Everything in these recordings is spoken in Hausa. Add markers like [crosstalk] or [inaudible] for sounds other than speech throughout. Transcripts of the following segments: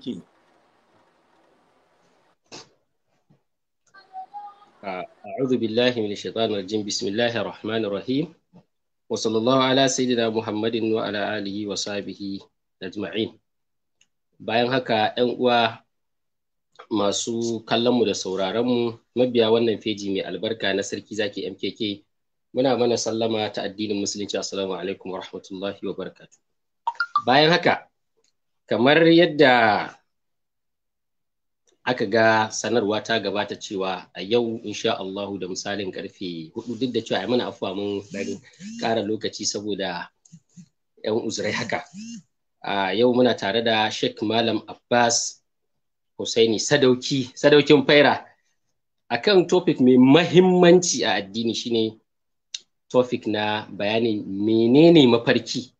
aiki أعوذ بالله من الشيطان الرجيم بسم الله الرحمن الرحيم وصلى الله على سيدنا محمد وعلى آله وصحبه أجمعين bayan haka ‘yan uwa masu kallonmu da sauraronmu mabiya wannan feji mai albarka na sarki zaki mkk muna mana sallama ta addinin musulunci assalamu alaikum wa rahmatullahi wa bayan haka kamar yadda aka ga sanarwa ta gabata cewa a yau insha Allahu da misalin karfe hudu duk da cewa mana afuwa mun dan kara lokaci saboda yan uzurai haka a yau muna tare da Sheikh Malam Abbas Hussaini Sadauki Sadaukin Faira akan topic mai mahimmanci a addini shine topic na bayanin menene mafarki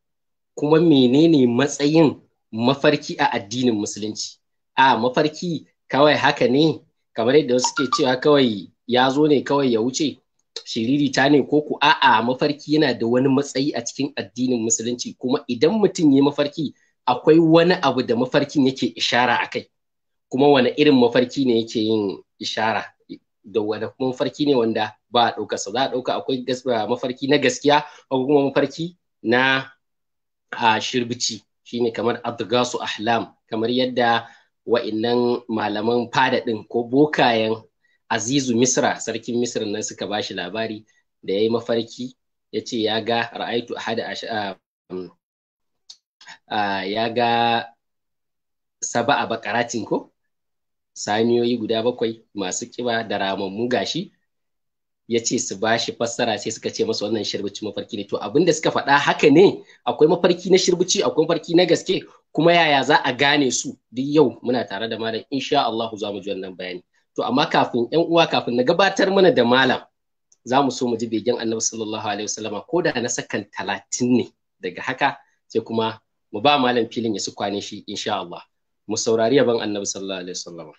kuma menene matsayin mafarki a addinin musulunci a mafarki kawai haka ne kamar yadda wasu ke cewa kawai ya zo ne kawai ya wuce Shiriri ta ne ko ku a'a mafarki yana da wani matsayi a cikin addinin musulunci kuma idan mutum ya mafarki akwai wani abu da mafarkin yake ishara a kai kuma wani irin mafarki ne yake yin ishara da wani mafarki ne wanda ba a ɗauka za a ɗauka akwai mafarki na gaskiya ko kuma mafarki na a shirbici shine kamar adgasu ahlam kamar yadda wa'innan malaman fada ɗin ko bokayen azizu misra sarkin misra nan suka ba shi labari da ya yi mafarki ya ce ya ga ra'aitu hada ah, mm, ah, ya ga Saba'a a bakaratin ko saniyoyi guda bakwai masu kiba da ramammu gashi ya ce su ba shi fassara sai suka ce masa wannan shirbici mafarki ne to abin da suka faɗa haka ne akwai mafarki na shirbici akwai mafarki na gaske kuma yaya za a gane su duk yau muna tare da malam insha Allah za mu ji wannan bayani to amma kafin ƴan uwa kafin na gabatar mana da malam za mu so mu ji begen annabi sallallahu alaihi wasallama ko da na sakan talatin ne daga haka sai kuma mu ba malam filin ya su kwane shi insha Allah mu saurari yaban annabi sallallahu alaihi wasallama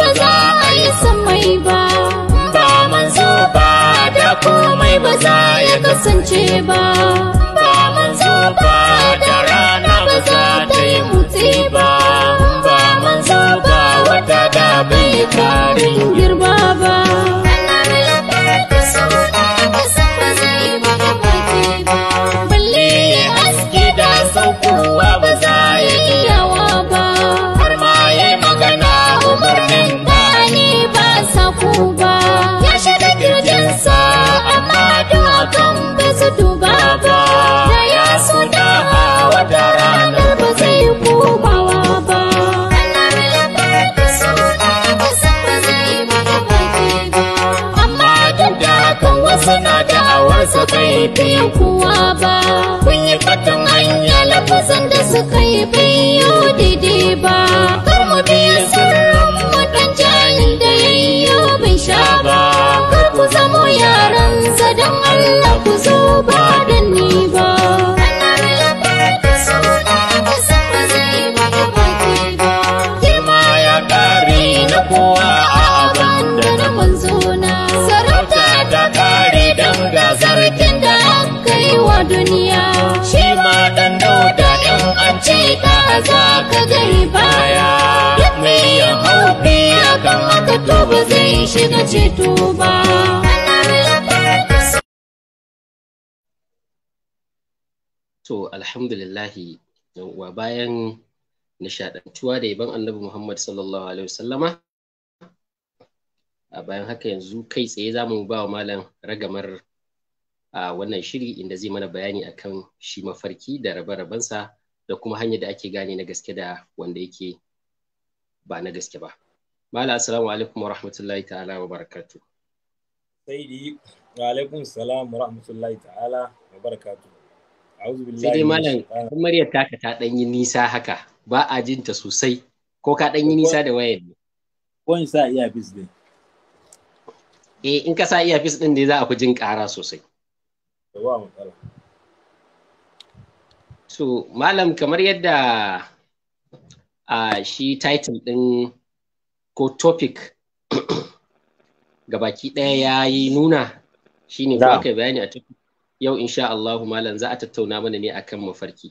ba za ya kasance ba ba manzo ba mutu da ya so da wata rana ba zai ba amma duk da kan wasu na kai kuwa ba kun yi fatan hanya lafazan da suka yi biyu daidai ba kar mu biyu sun baya mai ya alhamdulillahi wa bayan nishadantuwa da yaban annabi Muhammad sallallahu alaihi wasallama a bayan haka yanzu kai tsaye za mu ba wa malam ragamar a wannan shiri inda zai mana bayani akan shi mafarki da rabe-rabensa da kuma hanyar da ake gane na gaske da wanda yake ba na gaske ba mala assalamu alaikum wa rahmatullahi ta'ala wa barakatu saidi wa alaikum salam wa rahmatullahi ta'ala wa barakatu sai dai malam muryar taka ta dan yi nisa haka ba a jinta sosai ko ka dan yi nisa da wayar ne ko in sa iya bis din eh in ka sa iya bis din dai za a ku jin ƙara sosai Wa matsala to malam kamar yadda uh, shi title ɗin ko topic [clears throat] gabaki ɗaya ya yi nuna shine ne kuma kai bayani a topic yau insha Allahu malam za a tattauna mana ne akan mafarki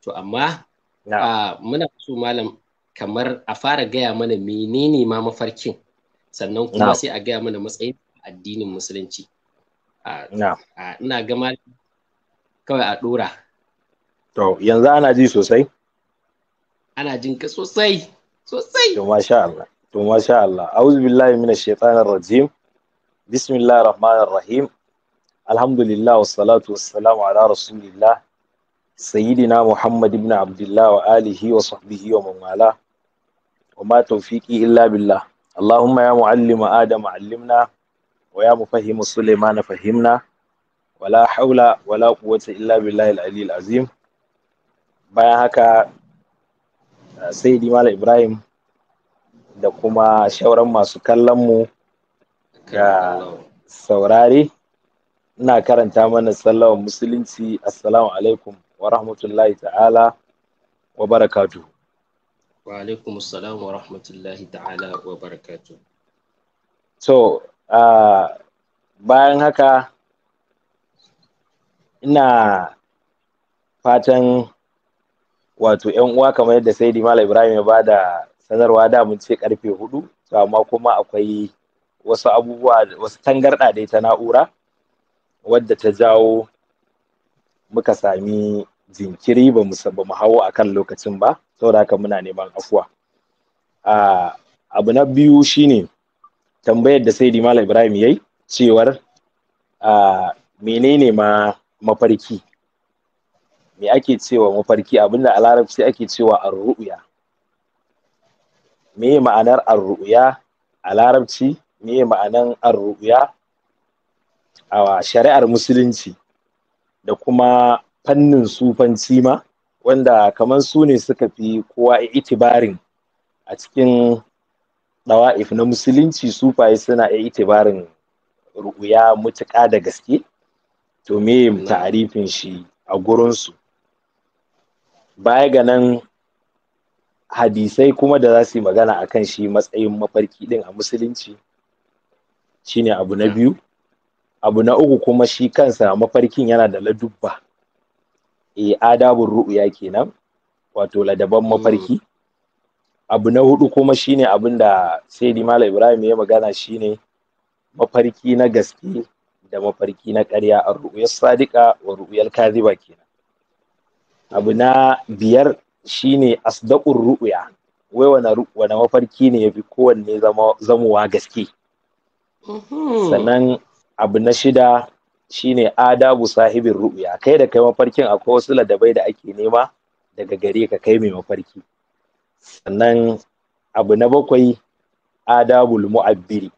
to amma uh, muna so malam kamar a fara gaya mana menene ma mafarkin sannan kuma sai a gaya mana matsayin addinin musulunci ina gama kawai a ɗora To, yanzu ana ji sosai? Ana jin ka sosai, sosai. To, masha Allah. To, masha Allah. Auzu billahi minash shaitanir rajim. Bismillahir rahmanir rahim. Alhamdulillah wassalatu wassalamu ala rasulillah sayyidina Muhammad ibn Abdullah wa alihi wa sahbihi wa man wala. Wa ma tawfiqi illa billah. Allahumma ya muallima Adam allimna wa ya mufahhimu Sulaiman fahimna. ولا wala ولا illa إلا بالله العلي العظيم bayan haka uh, sai dimala ibrahim da kuma shauran masu kallonmu ga saurare ina karanta mana sallawar musulunci assalamu alaikum wa rahmatullahi ta'ala wa barakatu wa alaikum assalam wa rahmatullahi ta'ala wa barakatu so uh, bayan haka ina fatan wato yan uwa kamar yadda sai malam ibrahim ya bada sanarwa da mun ce karfe hudu to amma kuma akwai wasu abubuwa wasu tangarɗa dai ta na'ura wadda ta jawo muka sami jinkiri ba mu ba mu hawo akan lokacin ba saboda haka muna neman afuwa abu na biyu shine tambayar da saidi malam ibrahim yayi cewar menene ma mafarki me ake cewa mafarki abinda a larabci ake cewa arru'ya me ma'anar arru'ya a larabci me ma'anar arru'ya a shari'ar musulunci da kuma fannin sufanci ma wanda kamar su ne suka fi kowa itibarin a cikin dawa'if na musulunci sufaye suna iya itibarin ru'uya mutuƙa da gaske to me ta'arifin shi a gurinsu baya ga nan hadisai kuma da za su yi magana a kan shi matsayin mafarki din a musulunci shine abu na biyu abu na uku kuma shi kansa mafarkin yana da ladubba e adabun ru'uya kenan wato ladaban mafarki abu na hudu kuma shine abin da sai Malam ibrahim ya magana shine mafarki na gaske da mafarki na karya a ru'uyar sadiqa wa ru'uyar kaziba kenan abu na biyar shine asdaqur ru'ya wai wane mafarki ne yafi kowanne zamuwa gaske mhm. sannan abu na shida shine adabu sahibin ru'ya kai da kai mafarkin akwai wasu ladabai da ake nema daga gare ka kai mai mafarki sannan abu na bakwai adabul mu'abbiri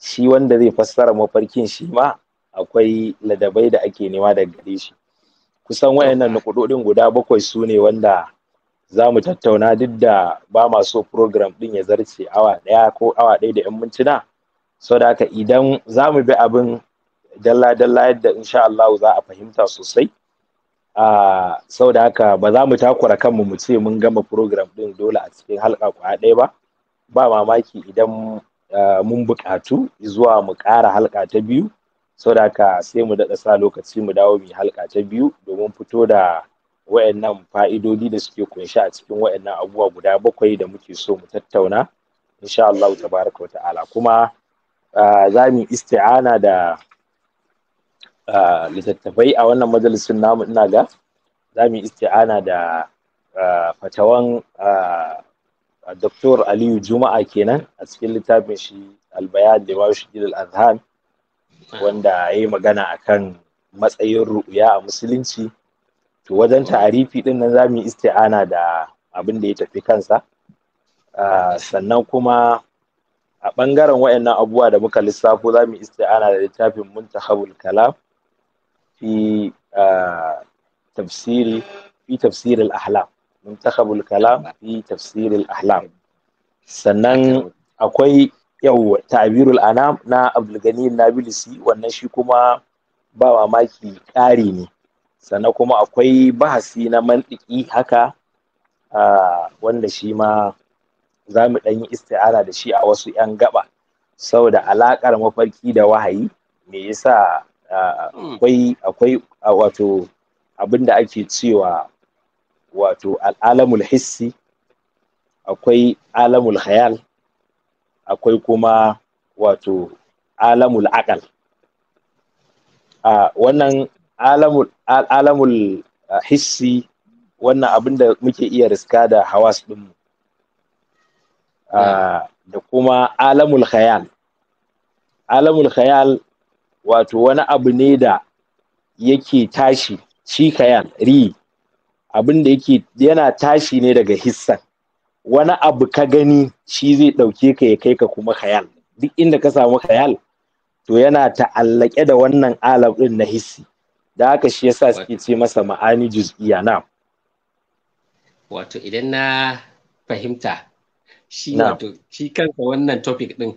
shi wanda zai fassara mafarkin shi ma akwai ladabai da ake nema daga gare shi kusan wayannan nukudodin guda bakwai su ne wanda za mu tattauna duk da ba ma so program din ya zarce awa ɗaya ko awa ɗaya da 'yan mintuna so da haka idan za mu bi abin dalla-dalla yadda insha Allah za a fahimta sosai a sau da haka ba za mu takura kanmu mu ce mun gama program din dole a cikin halka kwa ɗaya ba ba mamaki idan eh, mun buƙatu zuwa mu ƙara halka ta biyu saboda sai mu daɗa sa lokaci mu dawo mu halka ta biyu domin fito da wayannan fa'idodi da suke kunshi a cikin wayannan abubuwa guda bakwai da muke so mu tattauna insha Allah tabaraka ta'ala kuma za mu isti'ana da littattafai a wannan majalisun namu ina ga za mu isti'ana da fatawan Dr. Aliyu Juma'a kenan a cikin littafin shi Albayan da Mawshi Gidal Azhan wanda ya yi magana kan matsayin ru'uya a musulunci to wajen tarifi din nan za mu yi isti'ana da abin da ya tafi kansa sannan kuma a ɓangaren wayannan abubuwa da muka lissafo za mu yi isti'ana da littafin habul kalam fi tafsiri fi tafsiril ahlam habul kalam fi tafsiril ahlam sannan akwai yau ta'birul anam na abdulgani nabilisi wannan shi kuma ba mamaki ƙari ne sannan kuma akwai bahasi na mantiki haka wanda shi ma za mu ɗan yi isti'ana da shi a wasu 'yan gaba saboda alaƙar mafarki da wahayi me yasa hmm. akwai akwai wato abin da ake cewa wato al'alamul hissi akwai alamul hayal akwai kuma wato alamul akal a wannan alamul hissi wannan abin da muke iya riska da hawas ɗinmu da kuma alamul khayal alamul khayal wato wani abu ne da yake tashi shi khayal ri abin da yake yana tashi ne daga hissan wani abu ka gani shi zai ɗauke ka ya kai ka kuma khayal duk inda ka samu khayal to yana ta'allake da wannan alam ɗin na hissi da haka shi yasa suke ce masa ma'ani juz'iya na wato idan na fahimta shi wato shi kanka wannan topic ɗin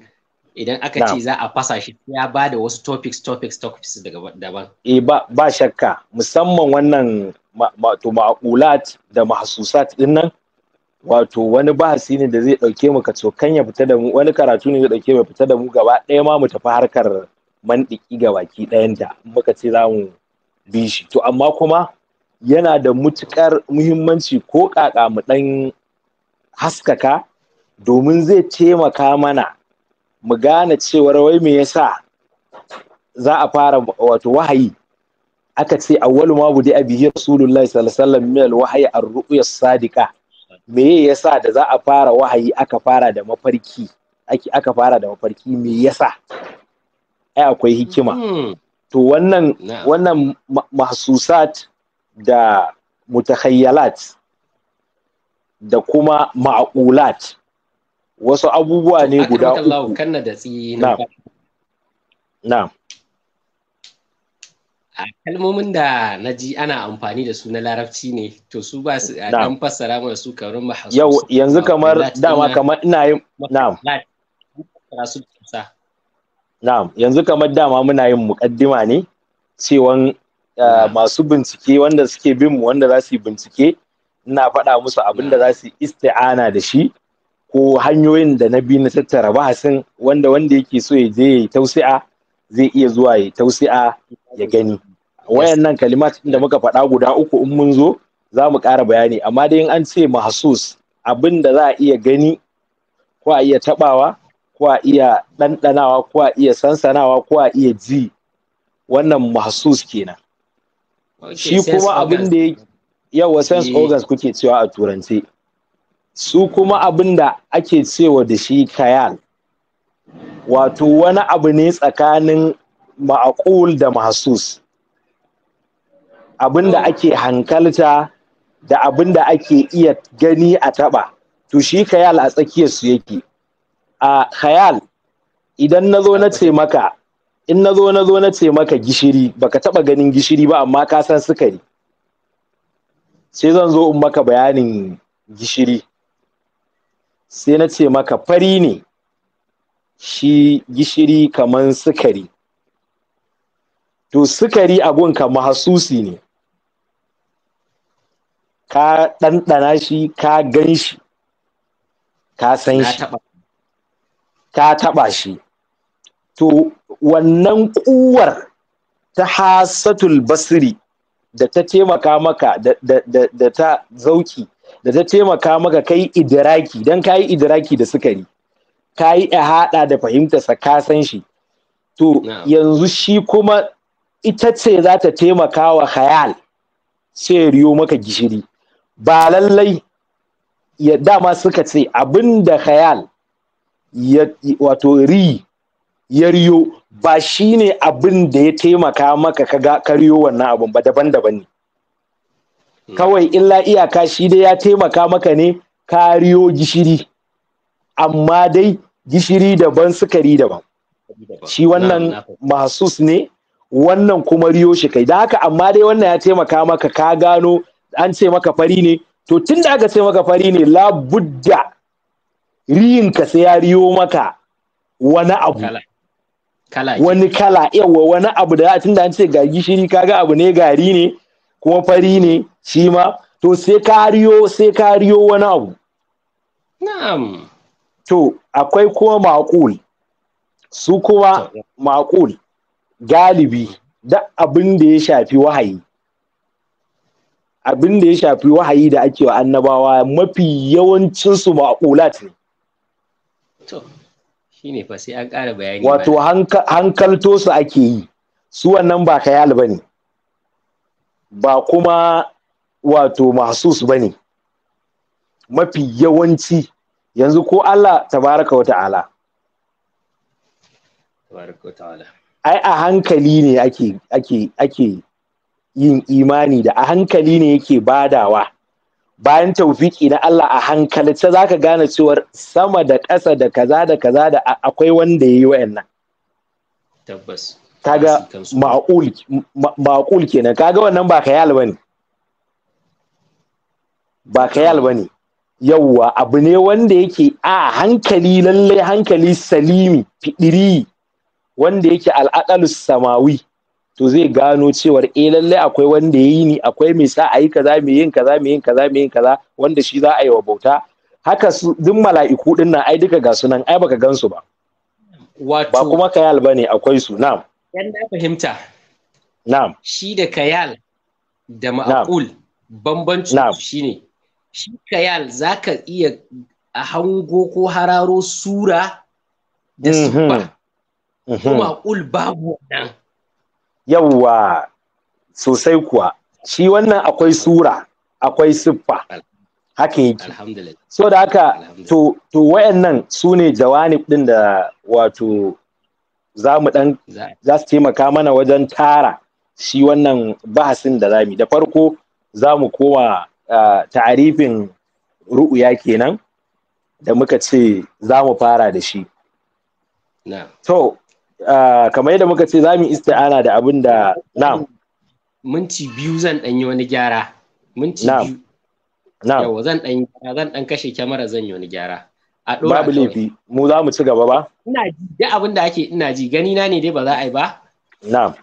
idan aka ce za a fasa shi ya ba da wasu topics topics topics daga daban eh ba ba shakka musamman wannan ma, to da mahsusat din nan wato wani bahasi ne da zai dauke mu ya fita da mu wani karatu ne zai ɗauke mu fita da mu gaba ɗaya ma mu tafi harkar mandiki ga baki da muka ce za mu bi shi to amma kuma yana da mutukar muhimmanci ko ƙaƙa mu ɗan haskaka domin zai taimaka mana mu gane cewar wai me yasa za a fara wato wahayi aka ce awwalu ma budi abihi rasulullahi sallallahu alaihi wasallam min alwahyi ar sadiqa me yasa da za a fara wahayi aka fara da mafarki aka fara da mafarki me yasa ai akwai hikima hmm. to wannan wannan mahsusat da mutakhayyalat da kuma ma'ulat wasu abubuwa ne guda uku na kalmomin da na ji ana amfani da su na larabci ne to su ba su a fassara mana su kamar mahasu yau yanzu kamar dama kamar ina yin na'am na'am yanzu kamar dama muna yin mukaddima ne cewan eh, masu bincike wanda suke bin mu wanda za su yi bincike ina faɗa musu abin da za su isti'ana da shi ko hanyoyin da na bi na tattara bahasin wanda wanda yake so ya je ya yi tausi'a zai iya zuwa ya tausi'a ya gani wayannan kalimat da muka faɗa guda uku in mun zo za mu ƙara bayani amma dai in an ce mahsus abin da za a iya gani ko a iya tabawa ko a iya ɗanɗanawa ko a iya sansanawa ko a iya ji wannan mahsus kenan shi kuma abin da yawa sense eh. organs kuke cewa a turance su kuma abin da ake cewa da shi kayal wato wani abu ne tsakanin ma'akul da mahsus abin da ake hankalta da abin da ake iya gani a taɓa to shi khayal a tsakiyar su yake a khayal idan na na ce maka in nazo zo na zo na ce maka gishiri baka taɓa ganin gishiri ba amma ka san sukari sai zan zo in maka bayanin gishiri sai na ce maka fari ne shi gishiri kaman sukari to sukari a gunka mahasusi ne ka ɗanɗana shi ka gan shi ka san shi ka taɓa shi to wannan kuwar ta hasatul basiri da ta taimaka maka da ta zauki da ta taimaka maka kai idiraki don ka yi idiraki da sukari ka yi a haɗa da fahimtarsa ka san shi to yanzu shi kuma ita ce za ta taimaka wa khayal sai riyo maka gishiri ba lallai ya dama suka ce abinda khayal ya wato ri ya riyo ba shine abin da ya taimaka maka kaga kariyo wannan abun ba daban-daban ne hmm. kawai illa iyaka shi dai ya taimaka maka ne kariyo gishiri amma dai gishiri daban sukari daban shi wannan mahasus ne wannan kuma riyo shi kai da haka amma dai wannan ya taimaka maka ka gano an ce maka fari ne to tun da aka ce maka fari ne labudda riyinka sai ya riyo maka wani abu wani kala yawa wani abu da tun da an ce gari gishiri kaga abu ne gari ne kuma fari ne shi ma to sai ka riyo sai ka riyo wani abu na'am to akwai kuma makul su kuma makul galibi da abin da ya shafi wahayi abin da ya shafi wahayi da ake wa annabawa mafi yawancinsu ma'ulat ne to shine fa sai an ƙara bayani wato hankalto su ake yi su wannan ba kayal ba ne ba kuma wato mahsus ba ne mafi yawanci yanzu ko Allah tabaraka wata'ala ai a hankali ne ake ake ake yin imani da a hankali ne yake badawa bayan taufiki na Allah a hankali ta zaka gane cewar sama da ƙasa da kaza da kaza da akwai wanda ya yi wayannan tabbas kaga ma'ul kenan kaga wannan ba ba ne. ba ba ne. yawwa abu ne wanda yake a hankali lallai hankali salimi fiɗiri wanda yake al'aqalus samawi to zai gano cewar eh lallai akwai wanda ya yi ni akwai mai sa a yi kaza mai yin kaza mai yin kaza mai yin kaza wanda shi za a yi wa bauta haka su duk mala'iku din nan ai duka ga su nan ai baka gan su ba wato ba kuma kayal bane akwai su na'am dan da fahimta na'am shi da kayal da ma'aqul bambanci shine shi kayal zaka iya a hango ko hararo sura da ba, mhm. kuma mhm. ma'qul babu nan yawwa sosai kuwa shi wannan akwai sura akwai siffa haka yake so da haka to to wayannan su ne jawanib din da wato za mu dan za su taimaka mana wajen tara shi wannan bahasin da zamu da farko za mu koma ta'arifin ru'uya kenan da muka ce za mu fara da shi to Ah, kamar yadda muka ce za mu isti'ana da abin da na'am minti biyu zan ɗan yi wani gyara minti biyu yawa zan ɗan zan ɗan kashe kyamara zan yi wani gyara a ɗora babu laifi mu za mu ci gaba ba ina ji duk abin da ake ina ji gani na ne dai ba za a yi ba na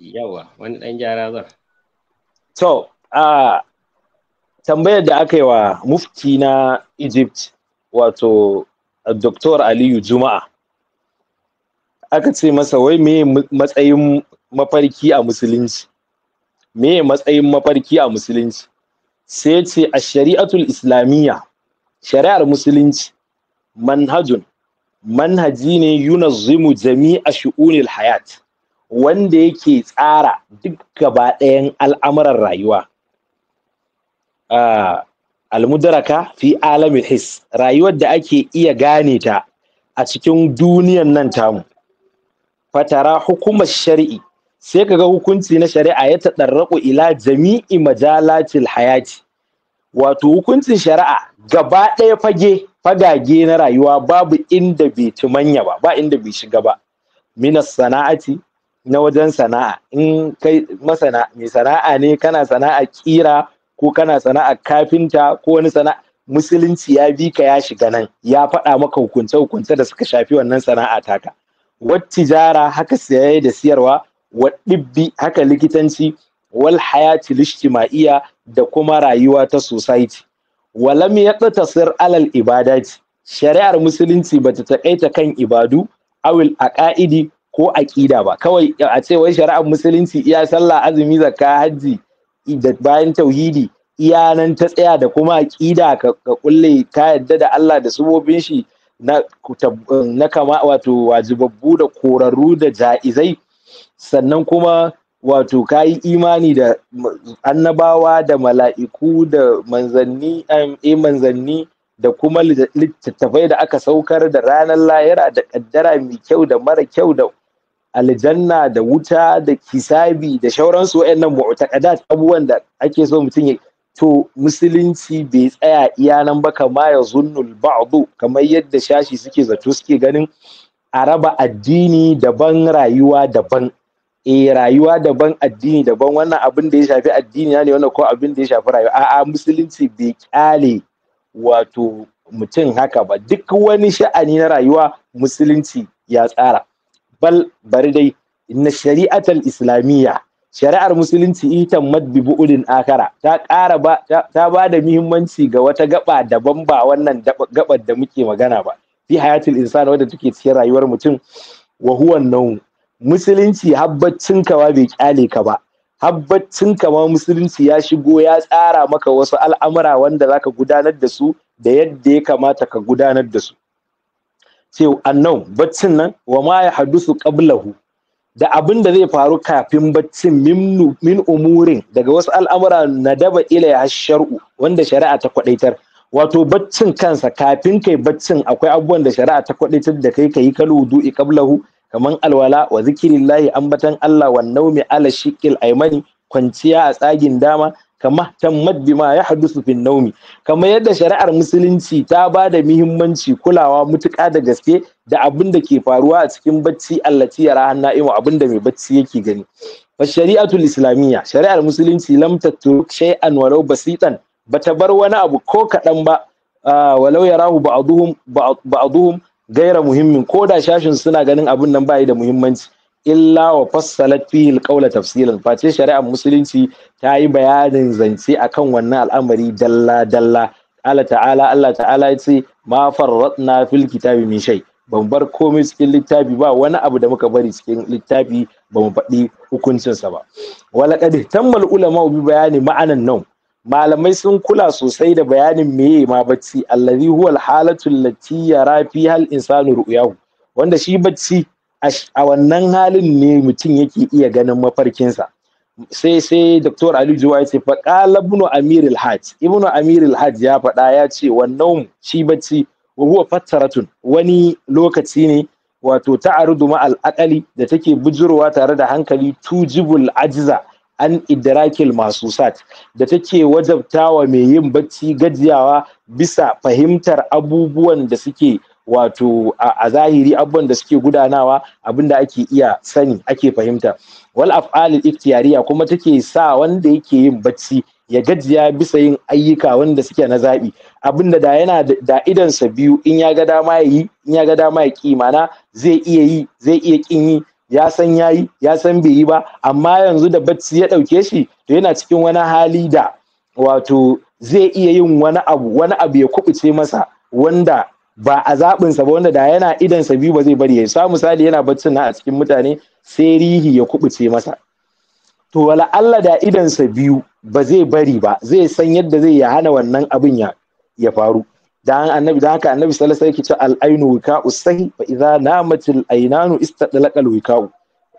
yawa wani ɗan gyara zan to a ah, tambayar da aka yi wa mufti na Egypt wato Dr. Aliyu Juma'a aka ce masa wai meye matsayin mafarki a musulunci me matsayin mafarki a musulunci sai ce a shari'atul islamiyya shari'ar musulunci manhajun manhaji ne yuna jami jami'a shu'unil hayat wanda yake tsara duk gaba ɗayan al'amuran rayuwa almudaraka fi alamin his rayuwar da ake iya gane ta a cikin duniyan nan tamu fatara hukumar shari'i sai kaga hukunci na shari'a ya taɗarraƙo ila jami'i majalatil hayati wato hukuncin shari'a gaba ɗaya fage fagage na rayuwa babu inda bai ci manya ba ba inda bai shiga ba minas sana'ati na wajen sana'a in kai masana mai sana'a ne kana sana'a kira ko kana sana'a kafinta ko wani sana'a musulunci ya bi ka ya shiga nan ya faɗa maka hukunce hukunce da suka shafi wannan sana'a taka wat tijara haka siyaye da siyarwa wa dibbi haka likitanci wal hayati lishtima'iya da kuma rayuwa ta society walam ya tasir alal ibadati shari'ar musulunci bata taƙaita kan ibadu awil a ƙa'idi ko aqida ba kawai a ce wai shari'ar musulunci iya sallah azumi zakka hajji da bayan tauhidi iya nan ta tsaya da kuma aqida ka kulle ta yadda da Allah da subobin shi Eh, na, kama wato wajibabbu da korarru da ja'izai sannan kuma wato ka yi imani da annabawa da mala'iku da manzanni a eh, manzanni da kuma littattafai da aka saukar da ranar lahira da kaddara mai kyau da mara kyau da aljanna da wuta da kisabi da shauransu waɗannan mu'taqadat abubuwan da ake so mutum ya to musulunci bai tsaya iya nan ba kama ya zunnul ba'du kamar yadda shashi suke zato suke ganin a raba addini daban rayuwa daban eh rayuwa daban addini daban wannan abin da ya shafi addini ne wannan ko abin da ya shafi rayuwa a'a musulunci bai kyale wato mutum haka ba duk wani sha'ani na rayuwa musulunci ya tsara bal bari dai na shari'atar islamiyya shari'ar musulunci itan madbi bu'udin akara ta ƙara ba ta ba muhimmanci ga wata gaba daban ba wannan gabar da muke magana ba fi hayatul insani wadda take cikin rayuwar mutum wa huwa nau musulunci habbacin ka ba bai kyale ka ba habbacin ka ma musulunci ya shigo ya tsara maka wasu al'amura wanda zaka gudanar da su da yadda ya kamata ka gudanar da su sai annau baccin nan wa ma ya hadusu qablahu da abin da zai faru kafin baccin min umurin daga wasu al'amura na daba ila ya shar'u wanda shari'a ta kwadaitar wato baccin kansa kafin kai baccin akwai abubuwan da shari'a ta kwadaitar da kai kayi kalu du'i qablahu kaman alwala wa zikirillahi ambatan Allah wa naumi ala shiqil aymani kwanciya a tsagin dama kama tammat bima ya hadusu fin naumi kamar yadda shari'ar musulunci ta ba da muhimmanci kulawa mutuƙa da gaske da abin da ke faruwa a cikin bacci allati yara na'imu abin da mai bacci yake gani fa shari'atul islamiyya shari'ar musulunci lam tatruk shay'an walau basitan bata bar wani abu ko kaɗan ba walau yarahu ba'duhum ba'duhum gaira muhimmin ko da shashin suna ganin abin nan bai da muhimmanci illa wa fassalat fihi alqawla tafsilan face shari'ar musulunci ta yi bayanin zance akan wannan al'amari dalla dalla Allah ta'ala Allah ta'ala yace ce ma farratna fil kitabi min shay ban bar komai cikin littafi ba wani abu da muka bari cikin littafi ba mu faɗi hukuncinsa ba wala qad tammal ulama bi bayani ma'anan nan malamai sun kula sosai da bayanin meye ma bacci allazi huwa alhalatu allati yara fiha al-insanu ru'yahu wanda shi bacci a wannan halin ne mutum yake iya ganin mafarkinsa sai sai Dr. Ali Juwa ya ce faƙala ibnu Amir al-Hajj ibnu Amir al ya faɗa ya ce wannan shi bacci wa huwa fattaratun wani lokaci ne wato ta'arudu ma'al aqali da take bujurwa tare da hankali tujibul ajza an idrakil sat, da take wajabtawa mai yin bacci gajiyawa bisa fahimtar abubuwan da suke wato a zahiri abubuwan da suke gudanawa abin da ake iya sani ake fahimta wal af'alil ikhtiyariya kuma take sa wanda yake yin bacci ya gajiya bisa yin ayyuka wanda suke na zaɓi Abinda da yana da idansa biyu in ya ga dama ya yi in ya ga dama ya ki mana zai iya yi zai iya kin yi ya san ya yi ya san bai yi ba amma yanzu da bacci ya ɗauke shi to yana cikin wani hali da wato zai iya yin wani abu wani abu ya kubuce masa wanda ba a zaɓinsa ba wanda da yana sa biyu ba zai bari ya sa misali yana baccin na a cikin mutane sai rihi ya kubuce masa to wala Allah da sa biyu ba zai bari ba zai san yadda zai ya hana wannan abin ya ya faru dan annabi dan haka annabi sallallahu alaihi wasallam yake cewa al wika'u sahi fa idza namatil aynanu istadlaqal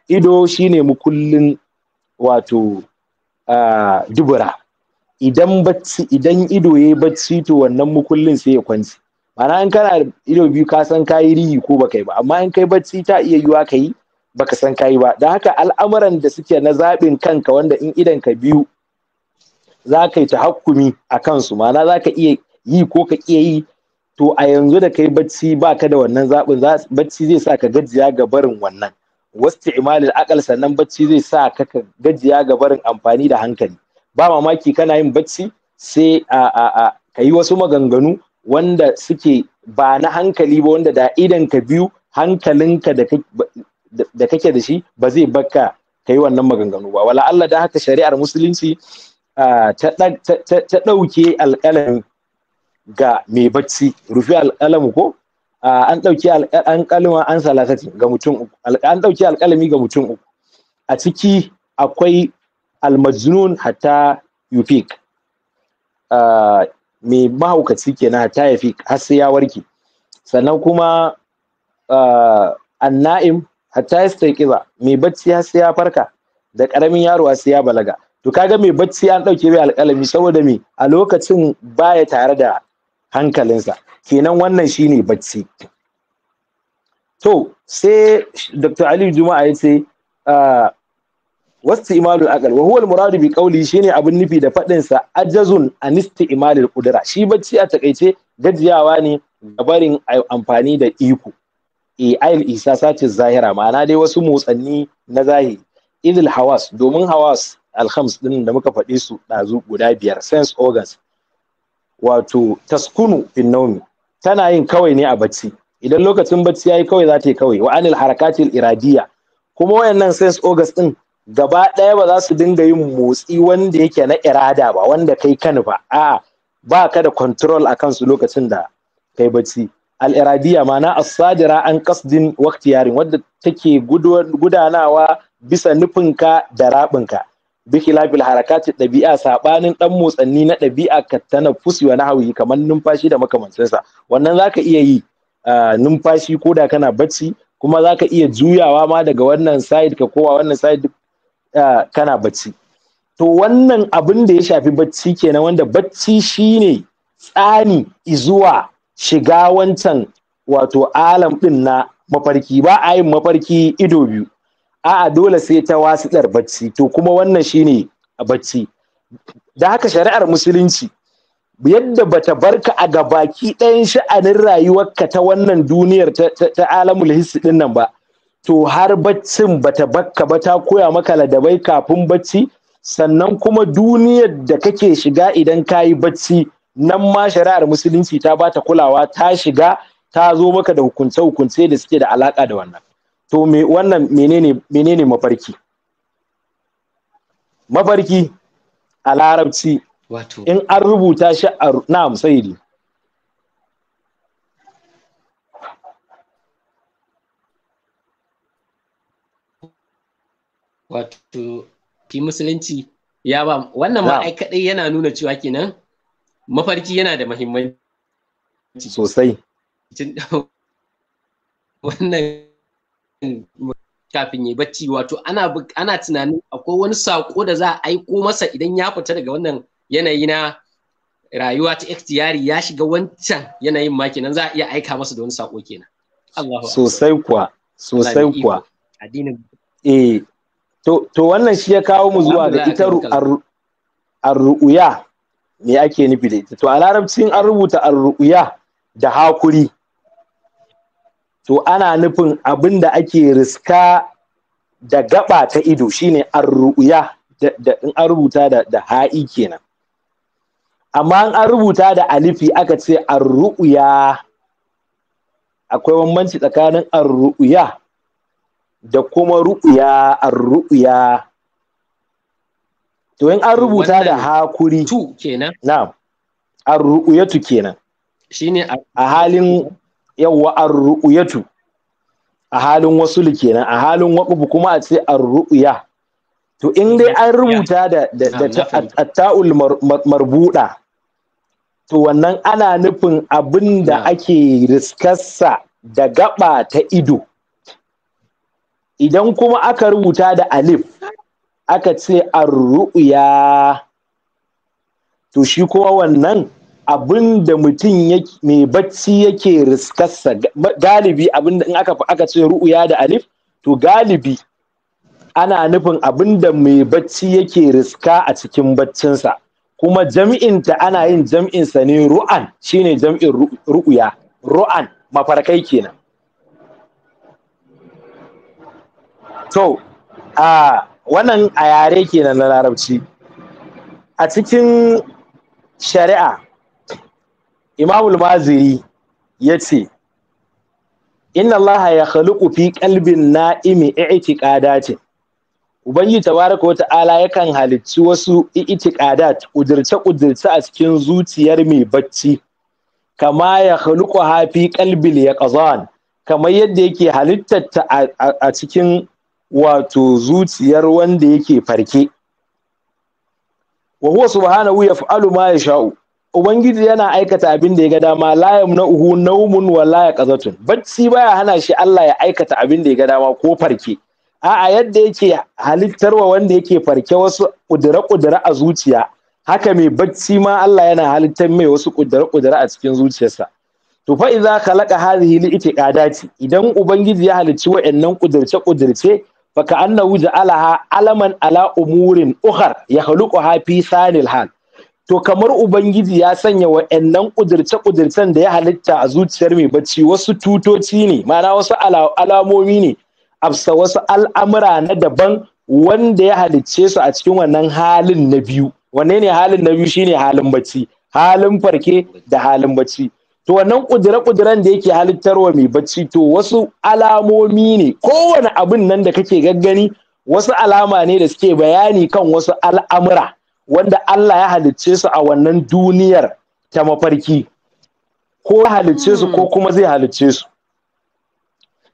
ido shine mukullin wato dubura idan bacci idan ido yayi bacci to wannan mukullin sai ya kwanci Mana in kana ido biyu ka san kayi riyi ko baka yi ba amma in kai bacci ta iya yiwa ka yi baka san kayi ba don haka al'amuran da suke na zaɓin kanka wanda in idan ka biyu za ka yi tahakkumi a kansu ma'ana za ka iya yi ko ka iya yi to a yanzu da kai bacci ba ka da wannan zaɓin bacci zai sa ka gajiya ga barin wannan wasu imalil akal sannan bacci zai sa ka gajiya ga barin amfani da hankali ba mamaki kana yin bacci sai a a a ka yi wasu maganganu wanda suke ba na hankali ba wanda da ka biyu hankalinka da kake da shi ba zai baka ka yi wannan maganganu ba wala Allah da haka shari'ar musulunci ta ɗauke alƙalami ga mai bacci rufe alƙalami ko an ɗauki alƙalama an salasati ga mutum uku an ɗauke alƙalami ga mutum uku a ciki akwai almajnun hatta yufik mai mahaukaci kenan ta yafi har sai ya warke sannan kuma ah, anna'im hatta ya sai kiza mai bacci har sai ya farka da karamin yaro har sai ya balaga to kaga mai bacci an dauke mai alƙalami saboda me a lokacin baya tare da hankalinsa kenan wannan shine bacci to sai dr ali juma'a ya ce ah, Wasu aqal wa huwa al bi qawli shine abin nufi da fadin sa ajazun an istimalil qudra shi bacci a takaice gajiyawa ne da barin amfani da iko e ayil isa sace zahira ma'ana dai wasu motsanni na zahiri idil hawas domin hawas alhams din da muka faɗi su ɗazu guda biyar sense organs wato taskunu fin naumi tana yin kawai ne a bacci idan lokacin bacci yayi kawai za ta yi kawai wa anil harakatil iradiya kuma wayannan sense organs din gaba ɗaya ba za su dinga yin motsi wanda yake na irada ba wanda kai kan ba a ba ka da control a kansu lokacin da kai bacci al'iradiya mana asadira an kasdin waktiyarin wadda take gudanawa bisa nufinka da rabinka bikilabil harakati ɗabi'a saɓanin ɗan motsanni na ɗabi'a ka ta nafusi wa nahawi kamar numfashi da makamancinsa wannan zaka iya yi numfashi ko kana bacci kuma zaka iya juyawa ma daga wannan side ka kowa wannan side kana bacci to wannan abin da ya shafi bacci kenan wanda bacci shine tsani izuwa shiga wancan wato alam din na mafarki ba a yin mafarki ido biyu a'a dole sai ta wasu wasiɗar bacci to kuma wannan shine a bacci da haka shari'ar musulunci yadda bata barka a gabaki ɗayan sha'anin rayuwarka ta wannan duniyar ta alamul hissi ɗin nan ba to har baccin bata bakka ba ta koya maka ladabai kafin bacci sannan kuma duniyar da kake shiga idan ka yi bacci nan ma shari'ar musulunci ta ba ta kulawa ta shiga ta zo maka da hukunce hukunce da suke da alaka da wannan to me wannan menene menene mafarki mafarki a larabci in an rubuta shi a na'am sayidi wato fi musulunci ya ba wannan ma ai kadai yana nuna cewa kenan mafarki yana da muhimmanci sosai wannan kafin yi bacci wato ana ana tunanin akwai wani sako da za a aiko masa idan ya fita daga wannan yanayi na rayuwa ta ikhtiyari ya shiga wancan yanayin ma kenan za a iya aika masa da wani sako kenan sosai kuwa sosai kuwa addinin eh to wannan shi ya kawo mu zuwa da ita arru'uya me ake nufi da ita to a larabcin an rubuta arru'uya da hakuri to ana nufin abin da ake riska da gaba ta ido shine arru'uya da in an rubuta da da ha'i kenan amma in an rubuta da alifi aka ce arru'uya akwai bambanci tsakanin arru'uya da kuma ru'uya a ruuya to in an rubuta da hakuri tu kenan na'am ar-ru'uyatu kenan shine a halin yawwa ar-ru'uyatu a halin wasulu kenan a halin waqufu kuma a ce an ru'uya. to in dai an rubuta da da taul marbuda to wannan ana nufin abin da ake riskarsa da gaba ta ido idan kuma aka rubuta da alif aka ce arru'ya to shi kuma wannan abin da mutum mai bacci yake riskarsa galibi abin da in aka aka ce ru'uya da alif to galibi ana nufin abin da mai bacci yake riska a cikin baccinsa kuma jam'inta ana yin jam'insa ne ru'an shine jam'in ru'uya. ru'an mafarkai kenan to a wannan a yare kenan na larabci a cikin shari'a imamul maziri ya ce inna Allah ya khaliqu fi kalbin na'imi i'tiqadatin ubangiji tabaraka wata'ala yakan halicci wasu i'tiqadat kudirce kudirce a cikin zuciyar mai bacci kama ya khaliqu ha fi qalbil yaqzan kamar yadda yake halittarta a cikin wato zuciyar wanda yake farke wa huwa subhanahu yaf'alu ma ya yasha'u ubangiji yana aikata abin da ya ga dama la yamna'uhu naumun wa la yaqzatun bacci baya hana shi Allah ya aikata abin da ya ga dama ko farke a'a yadda yake halittar wa wanda yake farke wasu kudura-kudura a zuciya haka mai bacci ma Allah yana halittar mai wasu kudura-kudura a cikin zuciyarsa to fa idza khalaqa hadhihi li'tiqadati idan ubangiji ya halicci waɗannan kudurce-kudurce faka annahu ja'alaha alaman ala umurin ukhar ya khaluquha sanil to kamar ubangiji ya sanya wa'annan kudirce kudircen da ya halitta a zuciyar mai bacci wasu tutoci ne ma'ana wasu alamomi ne afsa wasu al'amura na daban wanda ya halicce su a cikin wannan halin na biyu wanne ne halin na biyu shine halin bacci halin farke da halin bacci to wannan kudire-kudiren da yake halittarwa mai bacci to wasu alamomi ne kowane abin nan da kake gaggani wasu alama ne da suke bayani kan wasu al'amura wanda Allah ya halicce su a wannan duniyar ta mafarki ko ya halicce su ko hmm. kuma zai halicce su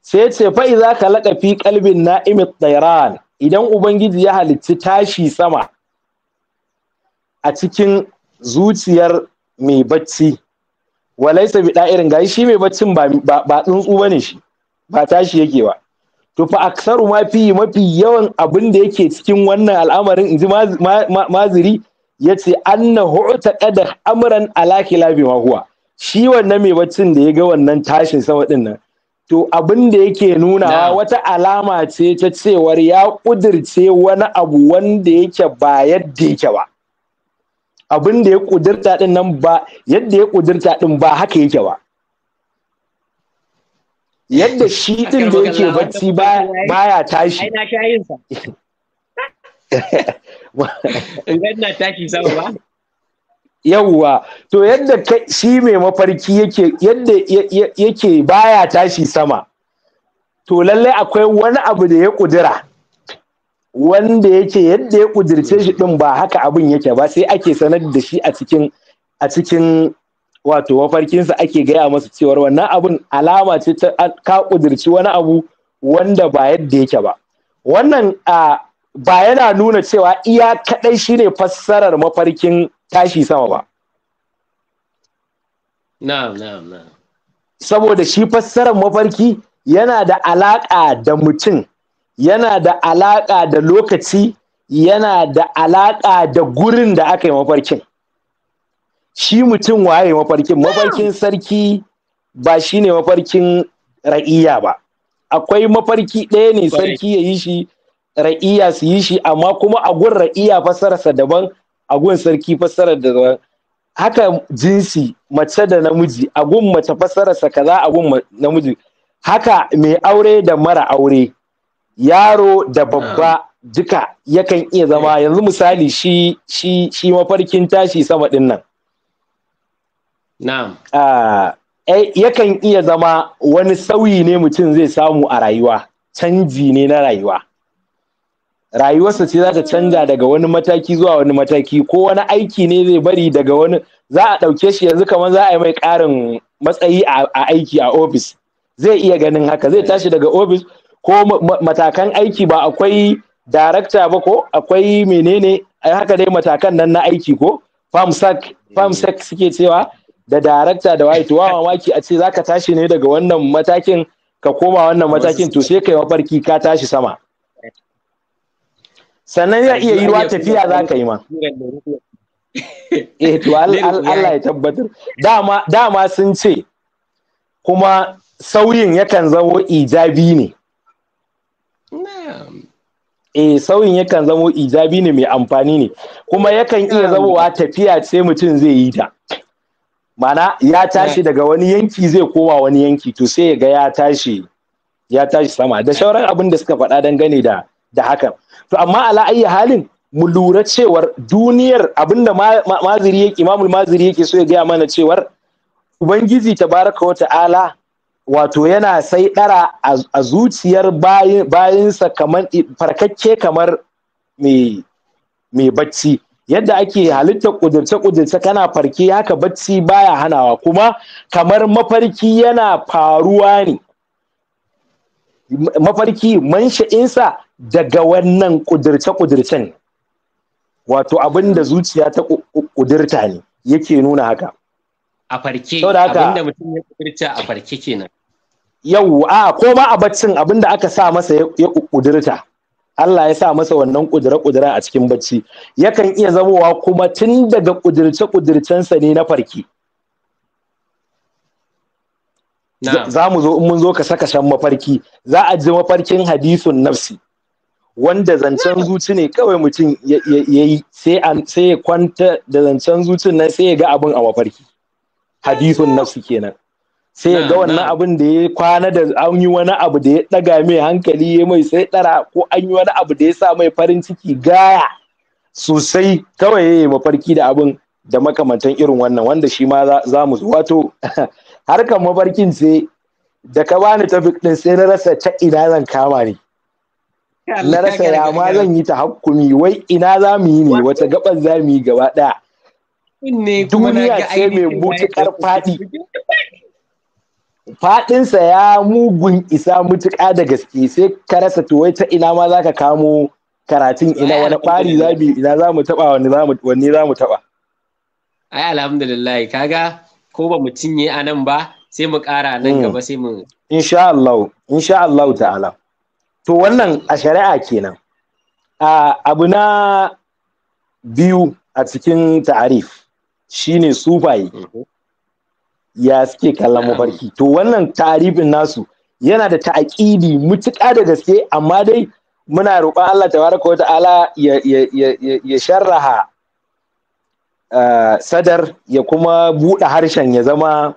sai ce fa'i za ka laƙa fi kalbin na'imit tsairan idan ubangiji ya halicci tashi sama a cikin zuciyar mai bacci walaisa bi da'irin gashi shi mai baccin ba tsuntsu bane shi ba tashi yake ba to fa aksaru ma fi mafi yawan abin da yake cikin wannan al'amarin inji maziri yace anna hu'ta qada amran ala khilafi ma huwa shi wannan mai baccin da ya ga wannan tashin sama din nan to abin da yake nuna wata alama ce ta cewar ya kudirce wani abu wanda yake ba yadda yake ba abin da ya kudurta din nan ba yadda ya kudurta din ba haka yake ba yadda shi din da yake bacci ba baya tashi ina shayin sa [laughs] in na tashi sama ba yawwa to yadda shi mai mafarki yake yadda yake baya tashi sama to lallai akwai wani abu da ya kudura wanda yake yadda ya kudirce shi ɗin ba haka abin yake ba sai ake sanar da shi a cikin a cikin wato mafarkinsa ake gaya masa cewar wannan abun alama ce ta ka kudirci wani abu wanda ba yadda yake ba wannan ba yana nuna cewa iya kadai shine fassarar mafarkin tashi sama ba na'am na'am saboda shi fassarar mafarki yana da alaƙa da mutum yana da alaƙa da lokaci yana da alaƙa da gurin da aka yi mafarkin shi mutum waye mafarkin hmm. mafarkin sarki ba shi ne mafarkin ra'iya ba akwai mafarki ɗaya ne sarki ya yi shi ra'iya su yi shi amma kuma a gun ra'iya fassararsa daban a gun sarki fassarar daban haka jinsi mace da namiji a gun mace fassararsa kaza a gun namiji haka mai aure da mara aure yaro da babba duka yakan iya zama eh. yanzu misali shi shi shi mafarkin tashi sama din nan ah, eh, yakan iya zama wani sauyi ne mutum zai samu a rayuwa canji ne na rayuwa rayuwarsa ce za ta canja ah. daga wani mataki zuwa wani mataki ko wani aiki ne zai bari daga wani za a ɗauke shi yanzu kamar za a yi mai ƙarin matsayi a aiki a ofis zai iya ganin haka zai eh. tashi daga ofis ko matakan aiki ba akwai darakta ba ko akwai menene haka dai matakan nan na aiki ko famsec suke cewa da darakta da waye to wawa mamaki a ce zaka tashi ne daga wannan matakin ka koma wannan matakin to sai kai mafarki ka tashi sama sannan ya iya yiwa tafiya za ka yi ma eh to Allah ya tabbatar dama dama sun ce kuma sauyin yakan zamo ijabi ne eh sauyin yakan zamo ijabi ne mai amfani ne kuma yakan iya zamowa tafiya sai mutum zai yi ta mana ya tashi daga wani yanki zai koma wani yanki to sai ya ga ya tashi ya tashi sama da shauran abin da suka faɗa dangane da da hakan to amma ala ayyi halin mu lura cewar duniyar da maziri yake imamul maziri yake so ya gaya mana cewar ubangiji tabaraka wa ta'ala wato yana sai ɗara a zuciyar bayinsa kamar farkakke kamar mai bacci yadda ake halitta kudurce kudurce kana farki haka bacci baya hanawa kuma kamar mafarki yana faruwa ne mafarki mansha'insa daga wannan kudurce kudurcen wato abin da zuciya ta kudurta ne yake nuna haka a farke abinda mutum ya kudurta a farke kenan yau a ko ba a baccin abinda aka sa masa ya kudurta. Allah ya sa masa wannan kudura-kudura a cikin bacci yakan iya zamowa kuma tun daga kudirce kudurcensa ne na farki za mu zo in mun zo ka saka shan mafarki za a ji mafarkin hadisun nafsi wanda zancen zuci ne kawai mutum ya yi sai ya kwanta da zancen zuci na sai ya ga abin a mafarki hadisun nasu kenan sai ya ga wannan abin da ya kwana da an yi wani abu da ya daga mai hankali ya mai sai dara ko an yi wani abu da ya sa mai farin ciki gaya sosai kawai ya mafarki da abin da makamantan irin wannan wanda shi ma za mu wato [laughs] harkar mafarkin sai da ka bani tafik din sai na rasa ta ina zan kama ne na rasa ya ma zan yi ta hakkumi wai ina za mu yi ne wata gaban za mu yi gaba ɗaya duniya ce mai mutuƙar faɗi faɗinsa ya mugun isa mutuƙa da gaske sai ka rasa tuwai ta ina ma za ka kamo karatun ina wani ɓari za mu ina za mu taɓa wani za mu taɓa ai alhamdulillah kaga ko ba mu cinye a nan ba sai mu ƙara nan hmm. gaba sai mu insha Allah insha Allah ta'ala to wannan a shari'a kenan a ah, abu na biyu a cikin ta'arif shine sufaye ya suke kallon mafarki to wannan taribin nasu yana da ta'aqidi mutuƙa da gaske amma dai muna roƙon Allah tabaraka wa ta'ala ya ya sharraha eh, sadar ya kuma buɗe harshen ya zama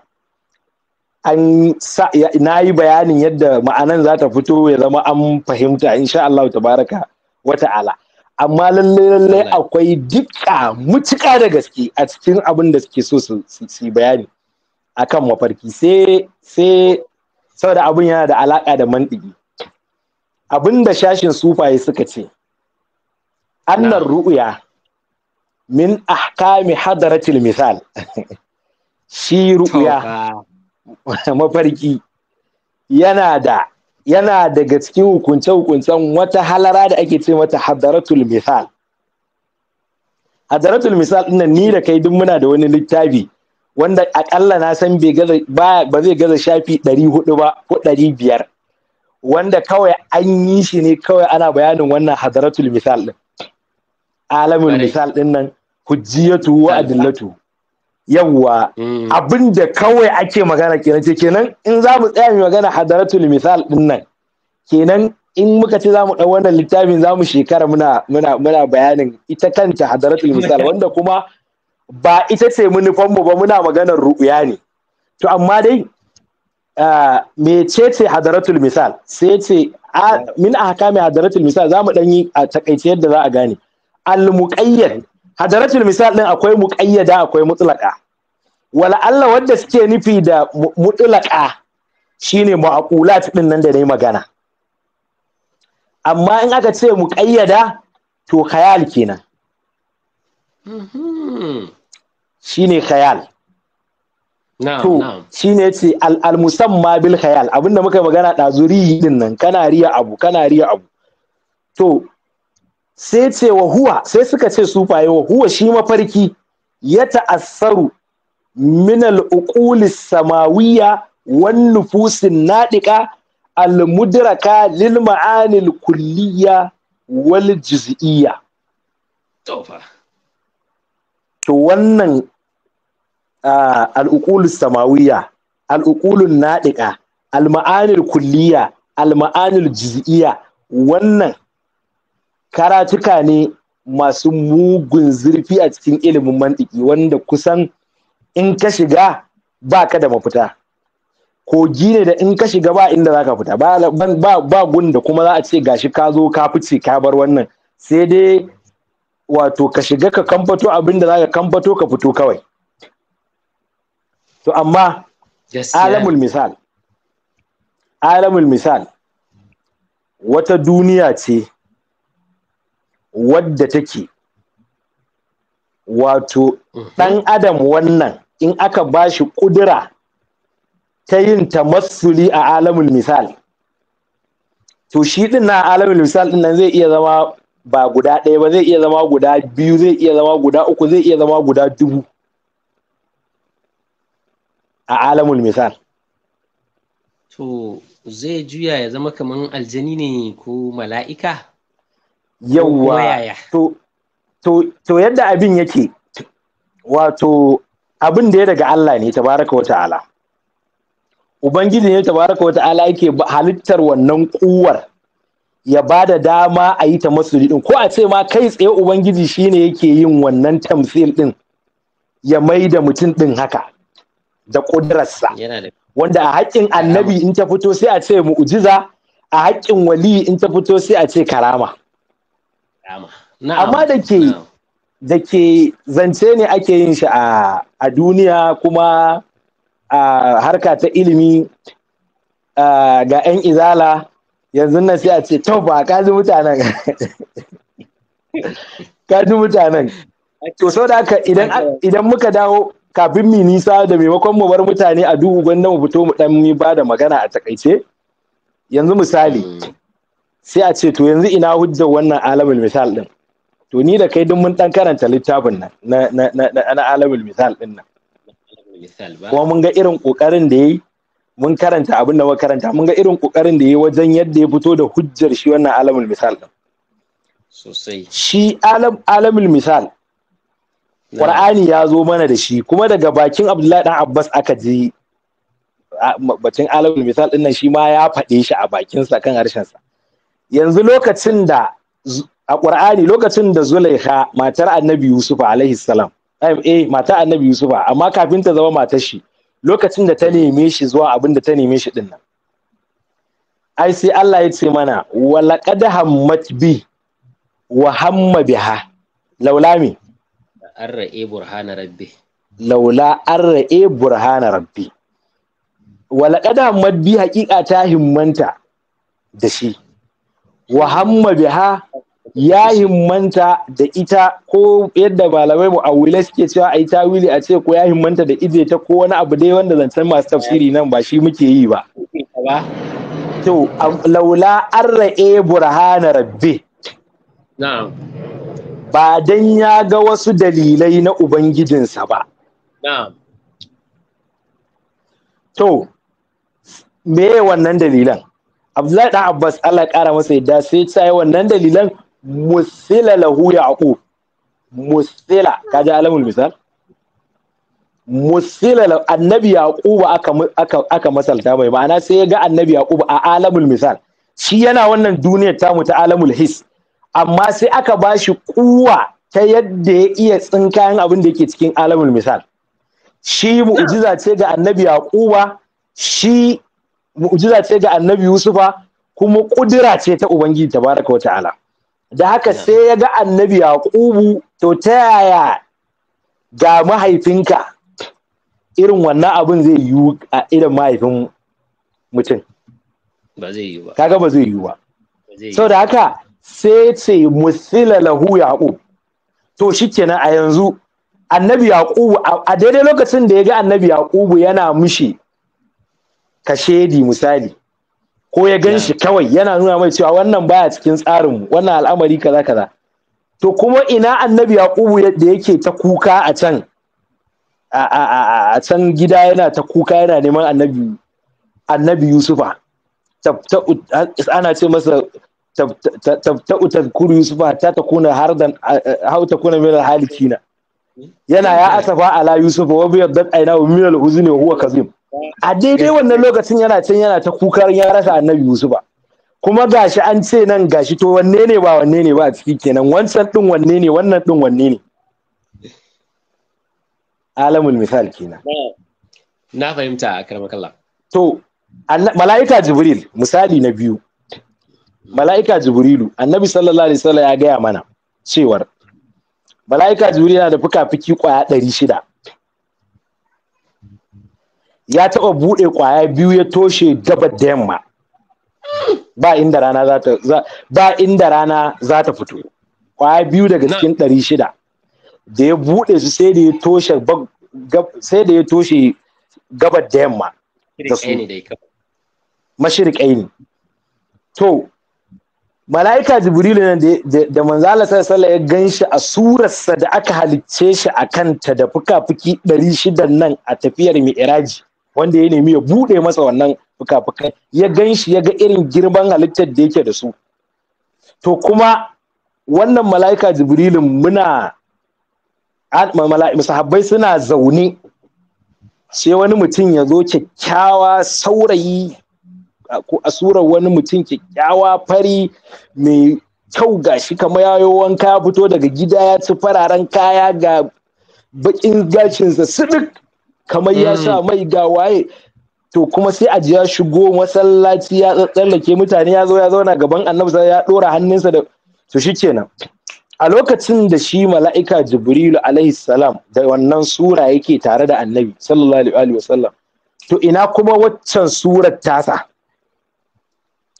an sa na yi bayanin yadda ma'anan za ta fito ya zama an fahimta insha Allah tabaraka wa ta'ala amma lallai lallai akwai dukka mutuka da gaske a cikin abin da suke so su bayani a kan mafarki sai sai saboda abin yana da alaƙa da manɗigi abin da shashin sufaye suka ce annar ru'ya min ahkami hadaratil misal [laughs] shi ru'uya [laughs] mafarki yana da yana daga cikin hukunce-hukuncen wata halara da ake ce mata hadaratul misal hadaratul misal ɗinnan ni da kai duk muna da wani littafi wanda akalla na san ba zai gaza shafi ɗari hudu ba ko ɗari biyar wanda kawai an yi shi ne kawai ana bayanin wannan hadaratul misal ɗin alamul misal ɗin nan hujjiyatu wa adillatu yawwa mm. abin da kawai ake magana kenan ce kenan in za mu tsaya mu magana hadaratul misal din nan kenan in muka ce za mu ɗau wannan littafin za mu shekara muna muna muna bayanin ita kanta hadaratul misal [laughs] wanda kuma ba ita ce munufan mu ba muna maganar ru'uya ne to amma dai mecece hadaratul misal sai ce min ahkami hadaratul misal za mu ɗan yi a takaice yadda za a gane al-muqayyad hadaratul misal din akwai muqayyada akwai mutlaqa wala Allah wanda suke nufi da mutlaqa shine mu'aqulat din nan da nayi magana amma in aka ce muqayyada to khayal kenan mm-hmm. shine khayal to shine yace al musamma bil khayal abinda muka magana dazuri din nan kana riya abu kana riya abu to sai ce wa huwa sai suka ce sufaye wa huwa shi mafarki ya ta'assaru min uqulis samawiyya wan nufusin nadiqa al mudraka lil al kulliyya wal juz'iyya to wannan al uqulis samawiyya al uqulun nadiqa al kulliyya al al juz'iyya wannan karatuka ne masu mugun zurfi a cikin ilimin mantiki wanda kusan in ka shiga ba ka da mafita kogi ne da in ka shiga ba inda za ka fita ba gunda kuma za a ce gashi ka zo ka fice ka bar wannan sai dai wato ka shiga ka kamfato abin da za ka kamfato ka fito kawai to amma alamul misal alamul misal wata duniya ce wadda take wato ɗan mhm. adam wannan in aka ba shi ƙudura ta yin tamassuli a alamin misal to shi ɗin na alamin misal ɗin nan zai iya zama ba guda ɗaya ba zai iya zama guda biyu zai iya zama guda uku zai iya zama guda dubu a alamin misal to zai juya ya zama kamar aljani ne ko mala'ika yawwa to to to yadda abin yake wato abin da ya daga Allah ne tabaraka wa ta'ala ubangiji ne tabaraka wa ta'ala yake halittar wannan kuwar ya ba da dama a yi ta masu din ko a ce ma kai tsaye ubangiji shine yake yin wannan tamsil din ya mai da mutum din haka da ƙudurarsa wanda a haƙƙin annabi in ta fito sai a ce mu'ujiza a haƙƙin wali in ta fito sai a ce karama amma da ke zance ne ake yin shi a duniya kuma a harka ta ilimi ga 'yan izala yanzu nan sai a ce tauba ba kaji mutanen [laughs] kaji mutanen to so da idan muka dawo kafin mi nisa da maimakon mu bar mutane a duhu gwanda mu fito mu dan mi ba da magana a takaice yanzu misali mm. sai a ce to yanzu ina hujjar wannan alamul misal din to ni da kai duk mun dan karanta littafin nan na na na, na alamul misal din nan kuma mun ga irin kokarin da yayi mun karanta abin da muka karanta mun ga irin kokarin da yayi wajen yadda ya fito da hujjar shi wannan alamul misal din sosai shi alam alamul misal Qur'ani ya zo mana da shi kuma daga bakin Abdullahi dan Abbas aka ji batun alamul misal din nan shi ma ya faɗe shi a bakinsa kan harshensa yanzu lokacin da a ƙur'ani lokacin da Zulaiha matar Annabi Yusufa alaihi salam eh matar Annabi Yusufa, amma kafin ta zama matar shi lokacin da ta neme shi zuwa abin da ta neme shi din nan ai sai Allah ya ce mana laqad hammat bi wa hamma biha laula me arra'e burhana rabbi laula arra'e burhana rabbi laqad hammat bi haƙiƙa ta himmanta da shi wa hamma biha ya himmanta da ita ko yadda malamai mu awile suke cewa ai tawili a ce ko ya himmanta da ije ta ko wani abu dai wanda zancen masu tafsiri nan ba shi muke yi ba to laula arra'e burhana rabbi na'am ba dan ya ga wasu dalilai na ubangijinsa ba na'am to me wannan dalilan Abdullahi dan Abbas Allah ya kara masa yadda sai ta yi wannan dalilan musila lahu yaqub musila ji alamul misal musila annabi yaqub aka aka aka masalta mai ma'ana sai ya ga annabi yaqub a alamul misal shi yana wannan duniyar ta ta alamul his amma sai aka bashi kuwa ta yadda ya iya tsinkayen abin da yake cikin alamul misal shi mu'jiza ce ga annabi yaquba shi mu'jiza ce ga annabi yusufa kuma kudura ce ta ubangiji tabaraka wa ta'ala da haka sai ya ga annabi yaqubu to ta yaya ga mahaifinka irin wannan abin zai yiwu a irin mahaifin mutum ba zai yi ba kaga ba zai yiwu ba so da haka sai ce musila lahu yaqub to shikenan a yanzu annabi yaqubu a daidai lokacin da ya ga annabi Yakubu yana mushi kashedi misali ko ya gan shi kawai yana nuna mai cewa wannan baya cikin tsarin wannan al'amari kaza kaza to kuma ina annabi yaqubu da yake ta kuka a can a can gida yana ta kuka yana neman annabi annabi yusufa ana ce masa tabta'u tadhkuru yusufa ta takuna hardan hau kuna min halikina yana ya asafa ala yusufa wa bi yaddat aina wa min al-huzni wa huwa kazim a daidai wannan lokacin yana can yana ta kukar ya rasa annabi yusufa kuma gashi an ce nan gashi to wanne ne ba wanne ne ba a ciki kenan wancan din wanne ne wannan din wanne ne alamul misal kenan na fahimta a karmakallah to mala'ika jibril misali na biyu mala'ika jibrilu annabi sallallahu alaihi wasallam ya gaya mana cewar mala'ika jibril yana da fuka fiki kwaya ɗari shida ya taɓa buɗe ƙwaya biyu ya toshe gabar da yamma ba inda rana za ta ba inda rana za ta fito ƙwaya biyu daga cikin ɗari shida da ya buɗe su sai da ya toshe sai da ya toshe gabar da yamma da su mashirikai ne to mala'ika jibrilu ne da manzo Allah sallallahu ya ganshi a surarsa da aka halicce shi a kanta da fuka-fuki 600 nan a tafiyar mi'raji wanda ya nemi ya bude masa wannan fuka ya gan shi ya ga irin girman halittar da yake da su to kuma wannan mala'ika jibrilin muna sahabbai suna zaune sai wani mutum ya zo kyakkyawa saurayi a surar wani mutum kyakkyawa fari mai kyau ga shi kamar yayo wanka ya fito daga gida ya ci fararen kaya ga bakin gashinsa duk. kamar ya mm. sa mai ga waye to kuma sai a ya shigo masallaci ya tsallake mutane ya zo ya zauna gaban annabi ya dora hannunsa da to shikenan a lokacin da shi mala'ika jibrilu alaihi salam da wannan sura yake tare da annabi sallallahu alaihi wa sallam to ina kuma waccan surar tasa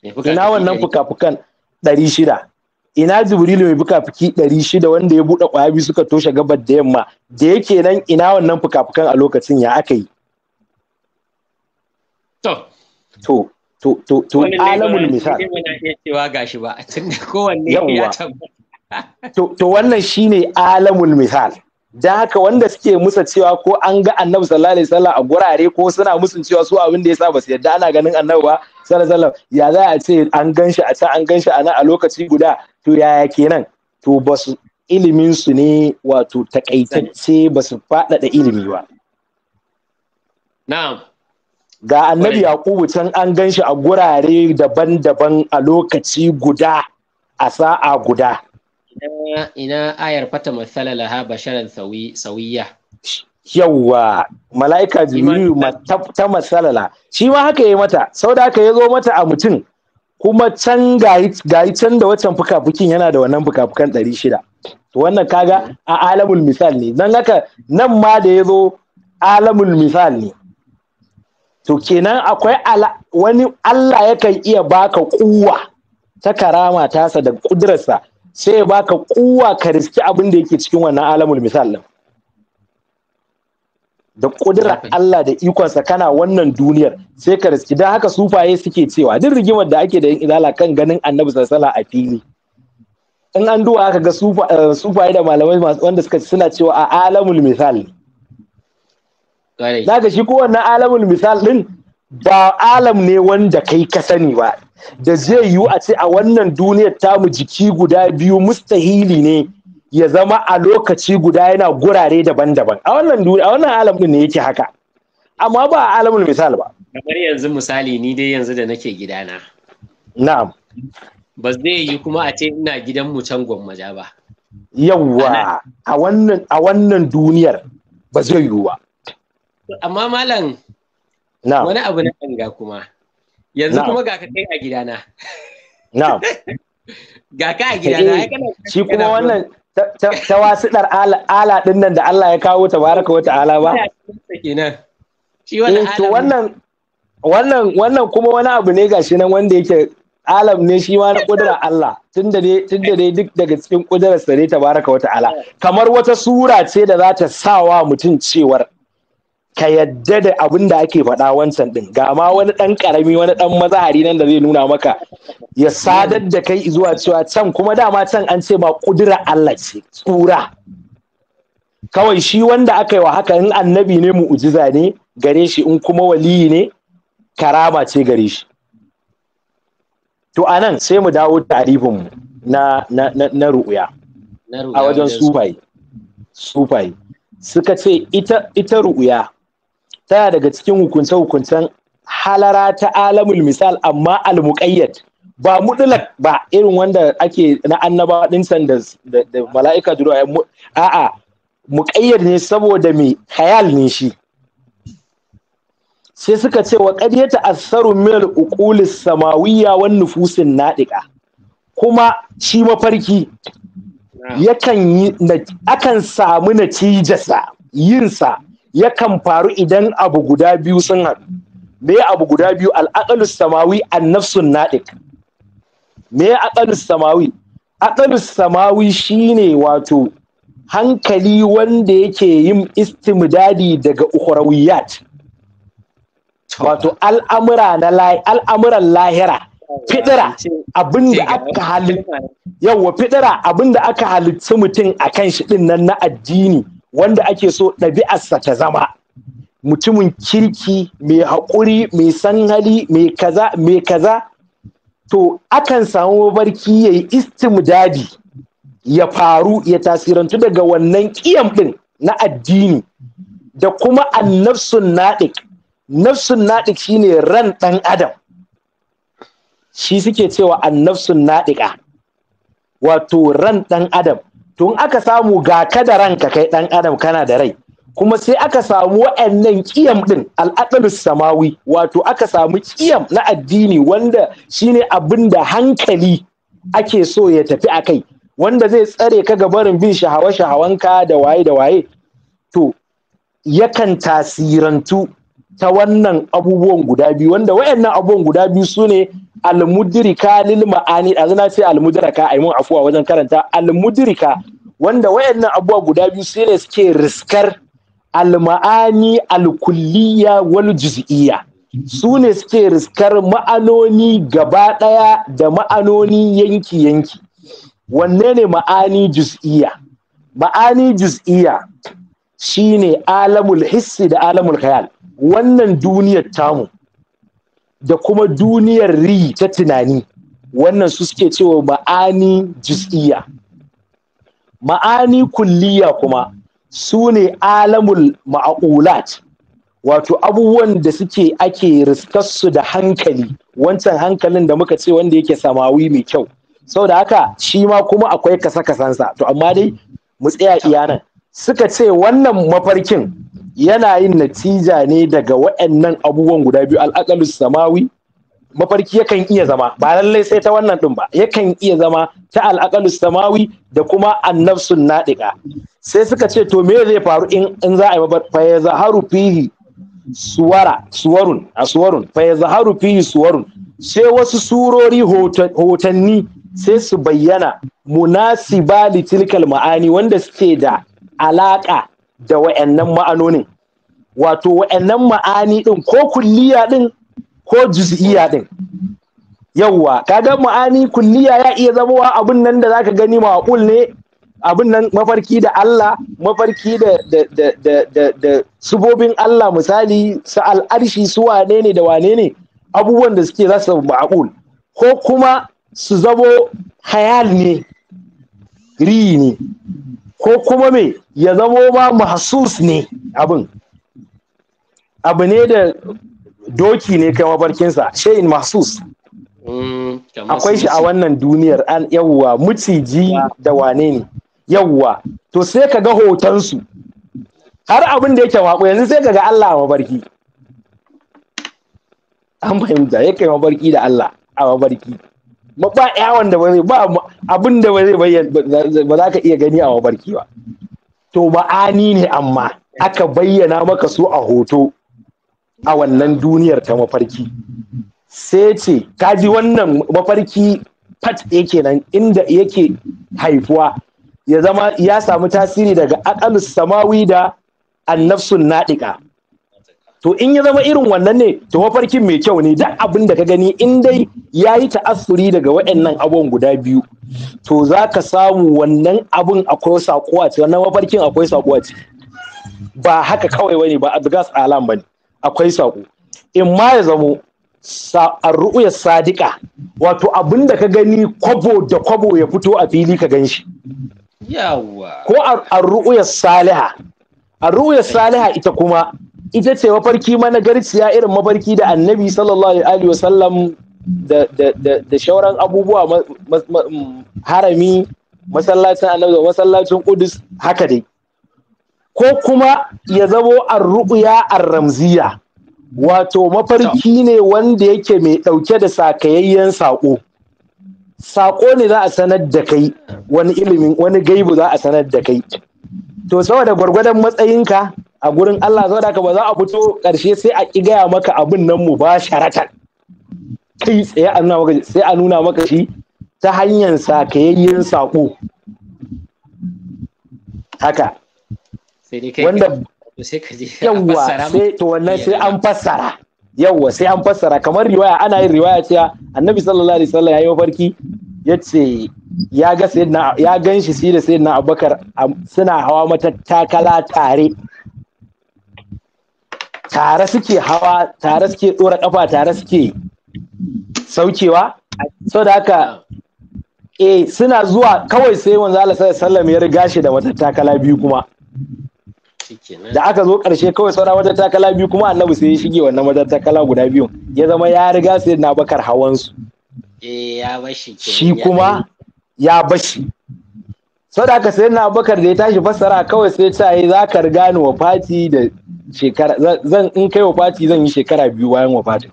ina wannan fuka-fukan ɗari ina jibrilu mai fuka-fuki ɗari shida wanda ya buɗe ƙwaya suka toshe gabar da yamma da yake nan ina wannan fuka-fukan a lokacin ya aka yi to to to to to alamul misal wannan cewa gashi ba kowanne ya tabbata to to wannan shine alamul misal da haka wanda suke musa cewa ko an ga annabi sallallahu alaihi wasallam a gurare ko suna musun cewa su abin da yasa ba su yadda ana ganin annabi ba sallallahu alaihi wasallam ya za a ce an ganshi a ta an ganshi a nan a lokaci guda to yaya kenan to ba su ilimin su ne wato takaitacce ba su faɗaɗa ilimi ba na'am ga annabi yaqubu can an gan shi a gurare daban-daban a lokaci guda a sa'a guda ina, ayar fata masala ha basharan sauyiya yawwa mala'ika jibrilu ta masalala shi ma haka yi mata sau da haka ya zo mata a mutum kuma can gayi can da waccan fuka-fukin yana da wannan fuka-fukan ɗari shida to wannan kaga a alamul misal ne don haka nan ma da ya zo alamul misal ne to kenan akwai wani Allah yakan iya baka kuwa ta karama tasa da kudurarsa sai ya baka kuwa ka riski abin da yake cikin wannan alamul misal din da kudura Allah da ikonsa kana wannan duniyar sai ka riski dan haka sufaye suke cewa duk rigimar da ake da yin izala kan ganin annabi sallallahu a fili in an duwa aka ga eh, sufaye da malamai wanda suka suna cewa a alamul misal Zaka shi kowanne alamul misal din ba alam ne wanda kai ka sani ba da zai yiwu a ce a wannan duniyar tamu jiki guda biyu mustahili ne ya zama a lokaci guda yana gurare daban-daban a wannan a wannan alam din ne yake haka amma ba a alamul misal ba kamar yanzu misali ni dai yanzu da nake gidana na'am ba zai yi kuma a ce ina gidan mu can gwammaja ba yawwa a wannan a wannan duniyar ba zai yiwu ba amma malam na'am wani abu na ga kuma yanzu kuma ga ka kai a gidana na'am [laughs] ga ka a gidana shi kuma wannan ta wasiɗar ala ɗin nan da Allah ya kawo tabaraka wata ala ba eh, wannan wannan kuma wani abu ne gashi nan wanda yake alam ne shi ma na Allah tun da dai duk daga cikin kudurar sa ta tabaraka wata ala. Eh. kamar wata sura ce da za ta sa wa mutum cewar ka yadda da abin da ake faɗa wancan ɗin ga ma wani ɗan ƙarami wani ɗan mazahari nan da zai nuna maka ya sadar da kai zuwa cewa can kuma dama can an ce ma ƙudura Allah ce tsura kawai shi wanda aka yi wa haka in annabi ne mu'ujiza ne gare shi in kuma waliyi ne karama ce gare shi to anan sai mu dawo tarifin na na ru'uya a wajen sufai sufai suka ce ita ita ru'uya tana daga cikin hukunce-hukuncen halara ta alamul misal amma al ba mudulak ba irin wanda ake na annaba din san da mala'ika duro a'a muqayyad ne saboda mai khayal ne shi sai suka ce wa qad asaru min al-uqul samawiyya wan nufusin nadiqa kuma shi mafarki yakan akan samu natijasa yinsa yakan faru idan abu guda biyu sun haɗu me abu guda biyu al'aqalu samawi an-nafsun nadiq me aqalu samawi aqalu samawi shine wato hankali wanda yake yin istimdadi daga ukhrawiyat wato al'amura na al'amuran lahira fitira abinda aka halitta yawa fitira abinda aka halitta mutum akan shi din nan na addini wanda ake so ɗabi'arsa ta zama mutumin kirki mai haƙuri mai san mai kaza mai kaza to akan samu mabarki ya yi istimdadi ya faru ya tasirantu daga wannan ƙiyam ɗin na addini da kuma annafsun naɗik nafsun naɗik shine ran ɗan adam shi suke cewa annafsun naɗika wato ran ɗan adam tun aka samu ga kada da ranka kai ɗan adam kana da rai kuma sai aka samu wa'annan kiyam din al'adalus samawi wato aka samu kiyam na addini wanda shine abin da hankali ake so ya tafi a kai wanda zai tsare ka ga barin bin shahawa shahawanka da waye da waye to yakan tasirantu ta wannan abubuwan guda biyu wanda wa'annan abubuwan guda biyu su ne Almudirika lil ma'ani ɗazu na ce almudraka ai mun afuwa wajen karanta Almudirika wanda wayannan abubuwa guda biyu sai ne suke riskar alma'ani alkulliya wal juz'iyya su ne suke riskar ma'anoni gaba ɗaya da ma'anoni yanki yanki wanne ne ma'ani juz'iyya ma'ani juz'iyya shine alamul hissi da alamul khayal wannan duniyar tamu da kuma duniyar ri ta tunani wannan su suke cewa ma'ani jisiya. ma'ani kulliya kuma su ne alamul Ma'aulat, wato abubuwan da suke ake riskarsu da hankali wancan hankalin da muka ce wanda yake samawi mai kyau Sau da haka shi ma kuma akwai kasa kasansa to amma dai mu tsaya iyanan suka ce wannan mafarkin yana yin natija ne daga waannan abubuwan guda biyu al'aqalu samawi mafarki yakan iya zama ba lallai sai ta wannan din ba yakan iya zama ta al'aqalu samawi da kuma annafsun nadiqa sai suka ce to me zai faru in in za a yi fa ya zaharu fihi suwara suwarun a fa ya zaharu fihi suwarun sai wasu surori hotanni sai su bayyana munasiba tilkal ma'ani wanda suke da alaka da wa'annan ma'anonin wato wa'annan ma'ani ɗin, ko kulliya ɗin, ko juz'iya din yawwa kaga ma'ani kulliya ya iya zamowa abin nan da zaka gani ma'qul ne abin nan mafarki da Allah mafarki da da da da da, subobin Allah misali su al'arshi su wane ne da wane ne abubuwan da suke za su ko kuma su zabo hayal ne ri ne ko kuma me ya zamo ma mahsus ne abin abu ne da doki ne kai mabarkinsa shein mahsus mm, akwai shi a wannan duniyar an yawwa muciji da wane ne yawwa to sai ka ga hotonsu har abin da yake waƙo yanzu sai ka ga Allah a mabarki an fahimta ya kai mabarki da Allah a mabarki ba yawon da ba zai ba abin da ba zai bayyana ba za ka iya gani a mabarki ba to ma'ani ne amma aka bayyana maka su a hoto a wannan duniyar ta mafarki sai ce ji wannan mafarki fat yake nan inda yake haifuwa ya zama ya samu tasiri daga aƙalus samawi da annafsun naɗiƙa to in ya zama irin wannan ne to mafarkin mai kyau ne duk abin da ka gani in dai ya yi ta'assuri daga waɗannan abubuwan guda biyu to za ka samu wannan abin akwai saƙo a wannan mafarkin akwai saƙo a ba haka kawai wani ba adgas alam bane akwai saƙo in ma ya zamo arru'uyar Sadiqa, wato abin da ka gani kwabo da kwabo ya fito a fili ka gan shi yawa ko arru'uyar saliha arru'uyar saliha ita kuma ita ce mafarki mana garciya irin mafarki da annabi sallallahu alaihi wa sallam da shauran abubuwa mm, harami masallacin annabi da masallacin kudus haka dai ko kuma ya zamo an ramziya wato mafarki ne wanda yake mai ɗauke da sakayayyen saƙo saƙo ne za a sanar da kai wani ilimin wani gaibu za a sanar da kai to saboda gwargwadon matsayinka a gurin Allah zai da ka ba za a fito ƙarshe sai a ƙi gaya maka abin nan mu ba sharata kai tsaye a nuna maka sai a nuna maka shi ta hanyar sakayayyen saƙo haka wanda yawwa sai to wannan sai an fassara yawwa sai an fassara kamar riwaya ana yin riwaya cewa annabi sallallahu alaihi wasallam yayi yi mafarki ya ce ya ga ya ganshi sayyidina abubakar suna hawa matattakala tare tare suke hawa tare suke ɗora ƙafa tare suke saukewa so da haka eh suna zuwa kawai sai manzo Allah sallallahu ya riga shi da wata takala biyu kuma da aka zo ƙarshe kawai saura wata takala biyu kuma annabi sai ya shige wannan wata takala guda biyu ya zama ya riga sai na bakar hawan su eh, ya bashi shi kuma ya bashi so da haka sai na bakar da ya tashi fassara kawai sai ta yi za ka riga ni wa fati da shekara zan in kai wafati zan yi shekara biyu bayan wafatin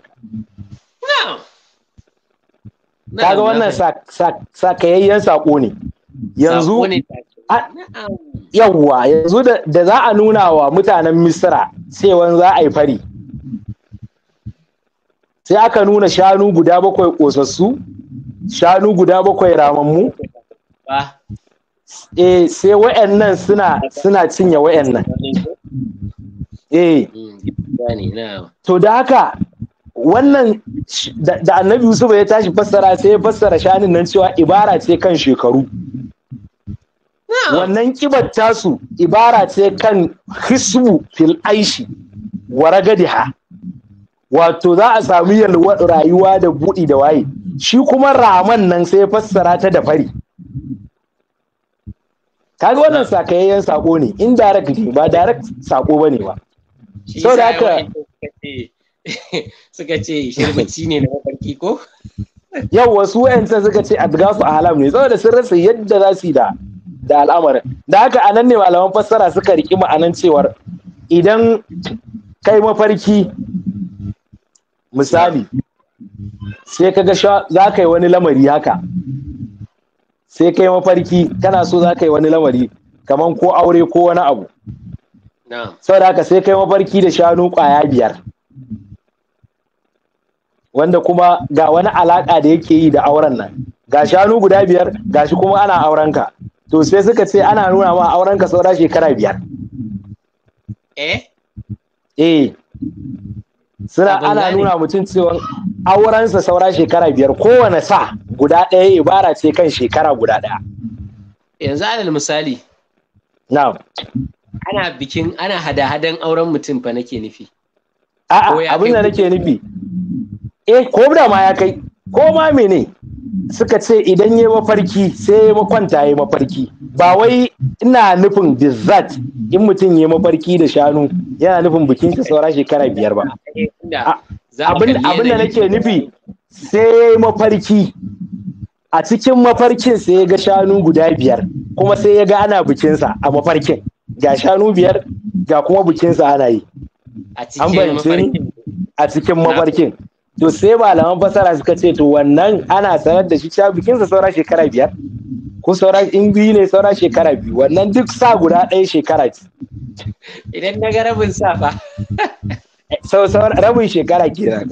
ga wannan sakayayyen sako ne yanzu yawwa yanzu da za a nuna wa mutanen misra cewan za a yi fari sai aka nuna shanu guda bakwai ƙosassu shanu guda bakwai ramammu eh sai wa'annan suna suna cinye wa'annan eh mm, to da haka wannan da annabi Yusuf ya tashi fassara sai ya fassara shanin nan cewa ibara ce kan shekaru wannan kibar tasu ibara ce kan hisbu fil aishi wa ragadiha wato za a sami yalwar rayuwa da buɗi da waye shi kuma raman nan sai ya fassara ta da fari kaga wannan sakayayyen sako ne indirect ne ba direct sako bane ba so da haka suka ce [laughs] shirbaci ne na mafarki ko yau wasu wayanta suka ce adgafu a halam ne saboda sun rasa yadda za su yi da da al'amarin da haka a nan ne malaman fassara suka riƙi ma'anan cewar idan kai mafarki misali sai ka ga za ka yi wani lamari haka sai kai mafarki kana so za ka yi wani lamari kamar ko aure ko wani abu saboda haka sai kai mafarki da shanu ƙwaya biyar wanda kuma ga wani alaƙa da yake yi da auren nan ga shanu guda biyar ga shi kuma ana aurenka to sai suka ce ana nuna ma aurenka saura shekara biyar eh eh suna ana nuna mutum cewa aurensa saura shekara biyar kowane sa guda ɗaya ibara ce kan shekara guda ɗaya yanzu alal misali na'am ana bikin ana hada-hadan auren mutum fa nake nufi a'a abin da nake nufi eh ko da ma ya kai ko ma mene suka ce idan ya mafarki sai ya makwanta ya mafarki ba wai ina nufin dessert in mutum ya mafarki da shanu yana nufin bikin ka saura shekara biyar ba abin da nake nufi sai ya mafarki a cikin mafarkin sai ya ga shanu guda biyar kuma sai ya ga ana bikinsa a mafarkin ga shanu biyar ga kuma bikinsa ana yi an bayyance a cikin mafarkin to sai malaman fasara suka ce to wannan ana sanar da shi cewa bikinsa saura shekara biyar ko saura in biyu ne saura shekara biyu wannan duk sa guda ɗaya shekara ce idan na ga rabin sa fa sau rabin shekara kenan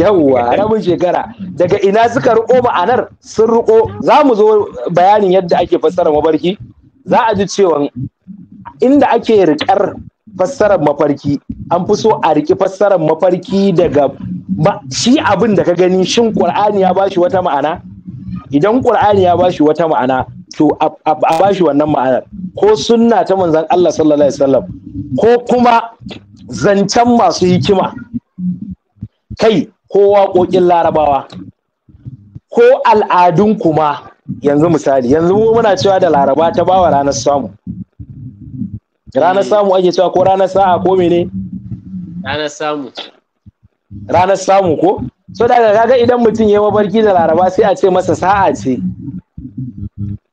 yawwa rabin shekara daga ina suka riko ma'anar sun riko za mu zo bayanin yadda ake fassara mabarki za a ji cewa inda ake riƙar fassarar mafarki an fi so a riki fassarar mafarki daga shi abin da ka gani shin ƙur'ani ya bashi wata ma'ana idan ƙur'ani ya bashi wata ma'ana to a bashi wannan ma'anar ko sunna ta manzon Allah sallallahu alaihi wasallam ko kuma zancen masu hikima kai ko waƙoƙin larabawa ko al'adun kuma yanzu misali yanzu mu muna cewa da laraba ta bawa ranar samu ranar samu ake cewa ko ranar sa'a ko mene ranar samu ranar samu ko so daga kaga idan mutum ya mabarki da laraba sai a ce masa sa'a ce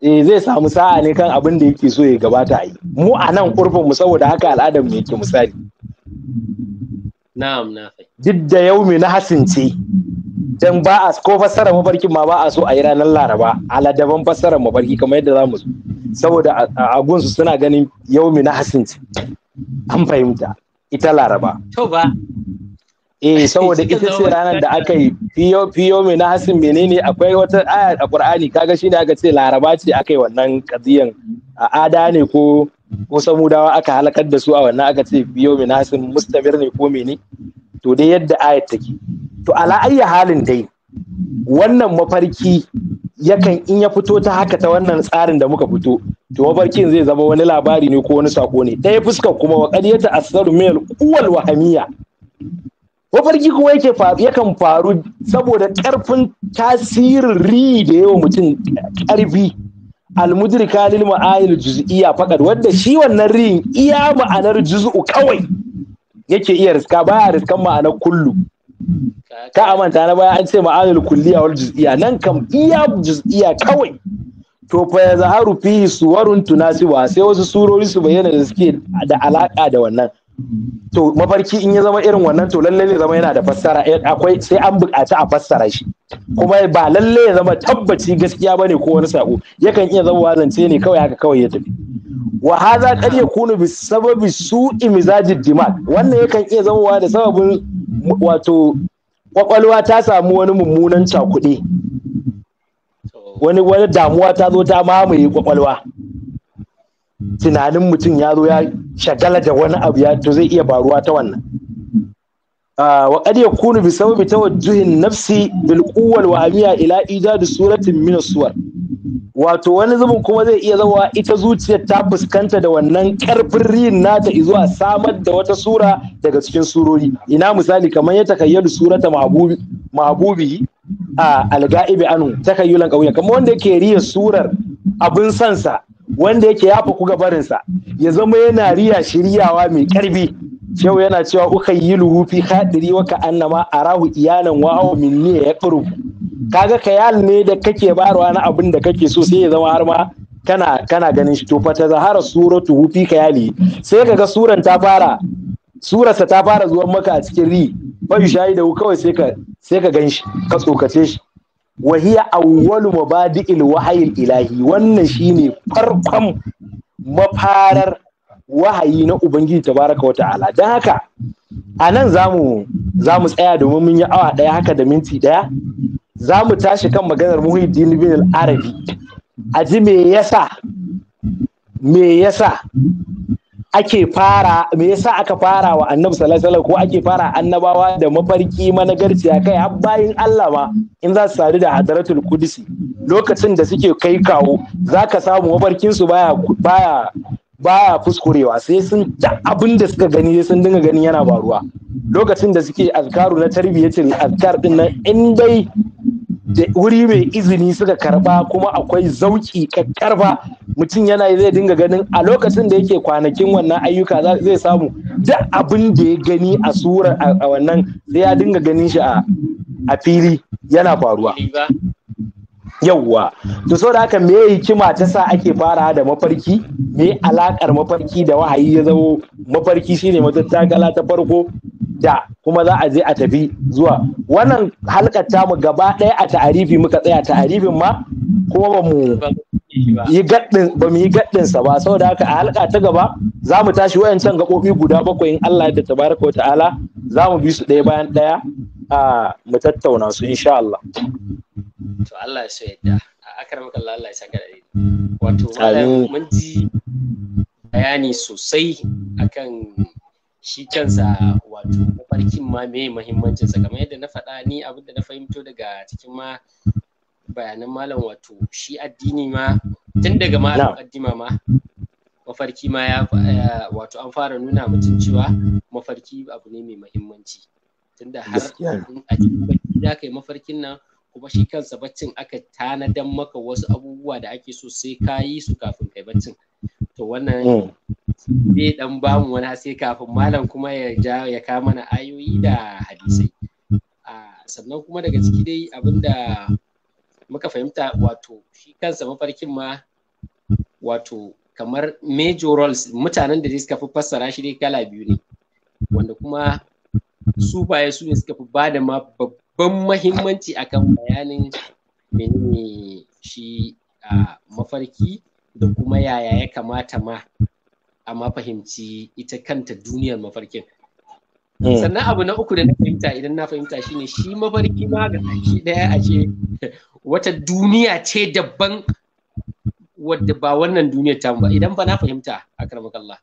eh zai samu sa'a ne kan abin da yake so ya gabata a yi mu a nan kurfin mu saboda haka al'adar mu yake misali na'am na duk da yaumi na hasince dan ba a ko fassara mafarkin ma ba a so a yi ranar laraba aladaban fassara mafarki kamar yadda za mu so saboda a gunsu suna ganin yaumi na hasin an fahimta ita laraba to ba eh saboda ita ce ranar da aka yi fiyo fiyo mi na hasin menene akwai wata aya a qur'ani kaga ne aka ce laraba ce aka yi wannan kadiyan a ada ne ko ko samudawa aka halakar da su a wannan aka ce fiyo mi na hasin mustamir ne ko menene to dai yadda ayat take to ala ayya halin dai wannan mafarki yakan in ya fito ta haka ta wannan tsarin da muka fito to mafarkin zai zama wani labari ne ko wani sako ne ɗaya fuskar kuma wa ƙaryata asraru min al wahamiya mafarki kuma yake yakan faru saboda ƙarfin tasirin ri da yawa mutum ƙarfi almudrika lil ma'ayil juz'iyya faqad wanda shi wannan riyin iya ma'anar juz'u kawai yake iya riska baya riskan ma'anar kullu ka a manta na baya an ce ma'anar kulliya wal juz'iyya nan kam iya juz'iyya kawai to fa ya zaharu fihi suwarun tunasiba sai wasu surori su bayyana da suke da alaka da wannan to mafarki in ya zama irin wannan to lalle ne zama yana da fassara eh, akwai sai an buƙaci a fassara shi kuma ba lalle ya zama tabbaci gaskiya bane ko wani sako yakan iya zama wazance ne kawai haka kawai ya tafi wa hadha qad yakunu bi sababi su'i mizajid dimag wannan yakan iya zamowa da sababin wato kwakwalwa ta samu wani mummunan cakuɗe wani wani damuwa ta zo ta mamaye kwakwalwa tunanin mutum ya zo ya shagala da wani abu ya to zai iya baruwa ta wannan ah, wa qad yakunu bi sababi tawajjuhin nafsi bil quwwal wa amiya ila ijad suratin min suwar wato wani zubin kuma zai iya zama ita zuciyar ta fuskanta da wannan karfin riyin nata izuwa samar da wata sura daga cikin surori ina misali kamar ya takayyadu surata mahabubi a alga'ibi anu takayyulan ƙauyen. kamar wanda yake riya surar abin sansa wanda yake yafa ku gabarinsa ya zama yana riya shiryawa mai karbi Kyau yana cewa uka yi luhufi hadiri waka annama arahu iyalan wa'awa minni ya ƙuru. kaga kayal ne da kake barwa na abin da kake so sai ya zama har ma kana kana ganin shi to fa ta zahara suratu fi kayali sai kaga suran ta fara surarsa ta fara zuwan maka a cikin ri bai shayi da kawai sai ka sai ka gan shi ka tsokace shi wa hiya awwalu mabadi'il wahayil ilahi wannan shine farkon mafarar wahayi na ubangiji tabaraka wa ta'ala dan haka a nan zamu zamu tsaya domin mun yi awa ɗaya haka da minti ɗaya? za mu tashi kan maganar Muhyiddin bin arabi a ji me yasa me yasa ake fara me yasa aka fara wa annabi sallallahu alaihi ko ake fara annabawa da mafarki managarciya kai har bayin Allah ma in za su sadu da hadratul Kudusi, lokacin da suke kai kawo zaka samu mafarkin su baya baya baya fuskurewa sai sun ta abin da suka gani sun dinga ganin yana baruwa lokacin da suke azkaru na tarbiyyatul azkar din nan in dai da wuri mai izini suka karba kuma akwai zauki ƙaƙƙarfa. mutum yana zai dinga ganin a lokacin da yake kwanakin wannan ayyuka zai samu da abin da ya gani a surar a wannan zai ya dinga ganin shi a fili yana faruwa yauwa to so da haka me hikima ta sa ake fara da mafarki me alakar mafarki da wahayi ya zama mafarki shine matattakala ta farko da kuma za a je a tafi zuwa wannan halkar mu gaba ɗaya a ta'arifi muka tsaya ta'arifin ma kuma ba mu yi gaddin ba mu yi gaddin sa ba saboda haka a halka ta gaba za mu tashi wayancan gaɓoɓi guda bakwai in Allah da baraka wa ta'ala za mu bi su ɗaya bayan ɗaya a mu tattauna su insha Allah to Allah ya so yadda a akramaka Allah Allah ya saka da wato mun ji bayani sosai akan shi kansa mafarkin ma me mahimmancinsa sa kamar yadda na faɗa ni abin da na fahimto daga cikin ma bayanan malam wato shi addini ma tun daga malam addima ma mafarki ma ya wato an fara nuna mutum cewa mafarki abu ne mai mahimmanci tunda har a cikin bacci za ka yi mafarkin nan kuma shi kansa baccin aka tanadan maka wasu abubuwa da ake so sai ka yi su kafin kai baccin to wannan hmm. zai dan bamu wani sai kafin malam kuma ya ja ya kama mana ayoyi da hadisai sannan kuma daga ciki dai abinda muka fahimta wato shi kansa mafarkin ma wato kamar major roles mutanen da suka fi fassara shi dai kala biyu ne wanda kuma su baya su ne suka fi ba da ma babban mahimmanci akan bayanin menene shi mafarki da kuma yaya ya kamata ma a ma fahimci ita kanta duniyar mafarkin hmm. sannan abu na uku da na fahimta idan na fahimta shine shi mafarki ma ga shi daya a ce [laughs] wata duniya ce daban wadda ba wannan duniyar ta ba idan ba na fahimta a karmakallah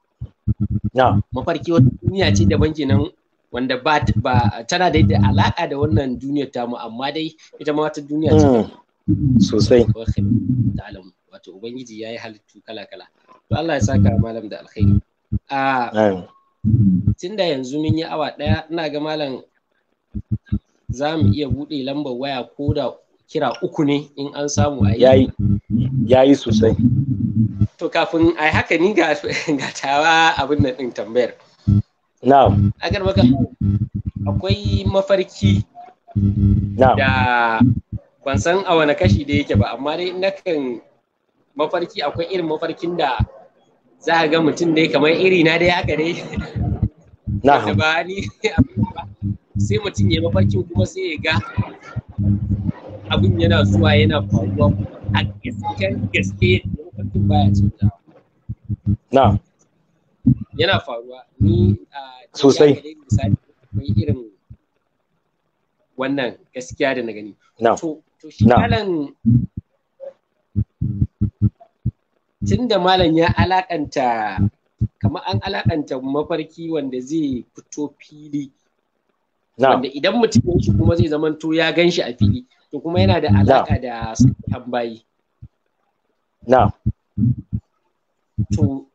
mafarki wata duniya ce daban kenan wanda ba tana da alaka da wannan duniyar tamu amma dai ita ma wata duniya ce hmm. sosai ta'alamu wato ubangiji ya yi halittu kala kala to Allah ya saka malam da alkhairi a tunda yanzu mun yi awa ɗaya ina ga malam za mu iya buɗe lambar waya ko da kira uku ne in an samu a yi yi sosai to kafin a yi haka ni ga tawa abin nan ɗin tambayar na'am garba maka akwai mafarki da ban san a wani kashi da yake ba amma dai nakan mafarki akwai irin mafarkin da za a ga mutum dai kamar iri na dai haka dai na ba ni [laughs] sai mutum ya mafarkin kuma sai ya ga abin yana zuwa yana faruwa a gaskiyar gaske mafarkin baya canza na yana faruwa ni a sosai misali irin wannan gaskiya da na gani na to shi malam tun da malam ya alakanta kamar an alakanta mafarki wanda zai fito fili wanda idan mutum ya shi kuma zai zamanto ya gan shi a fili to kuma yana da alaka da tambayi. bayi na to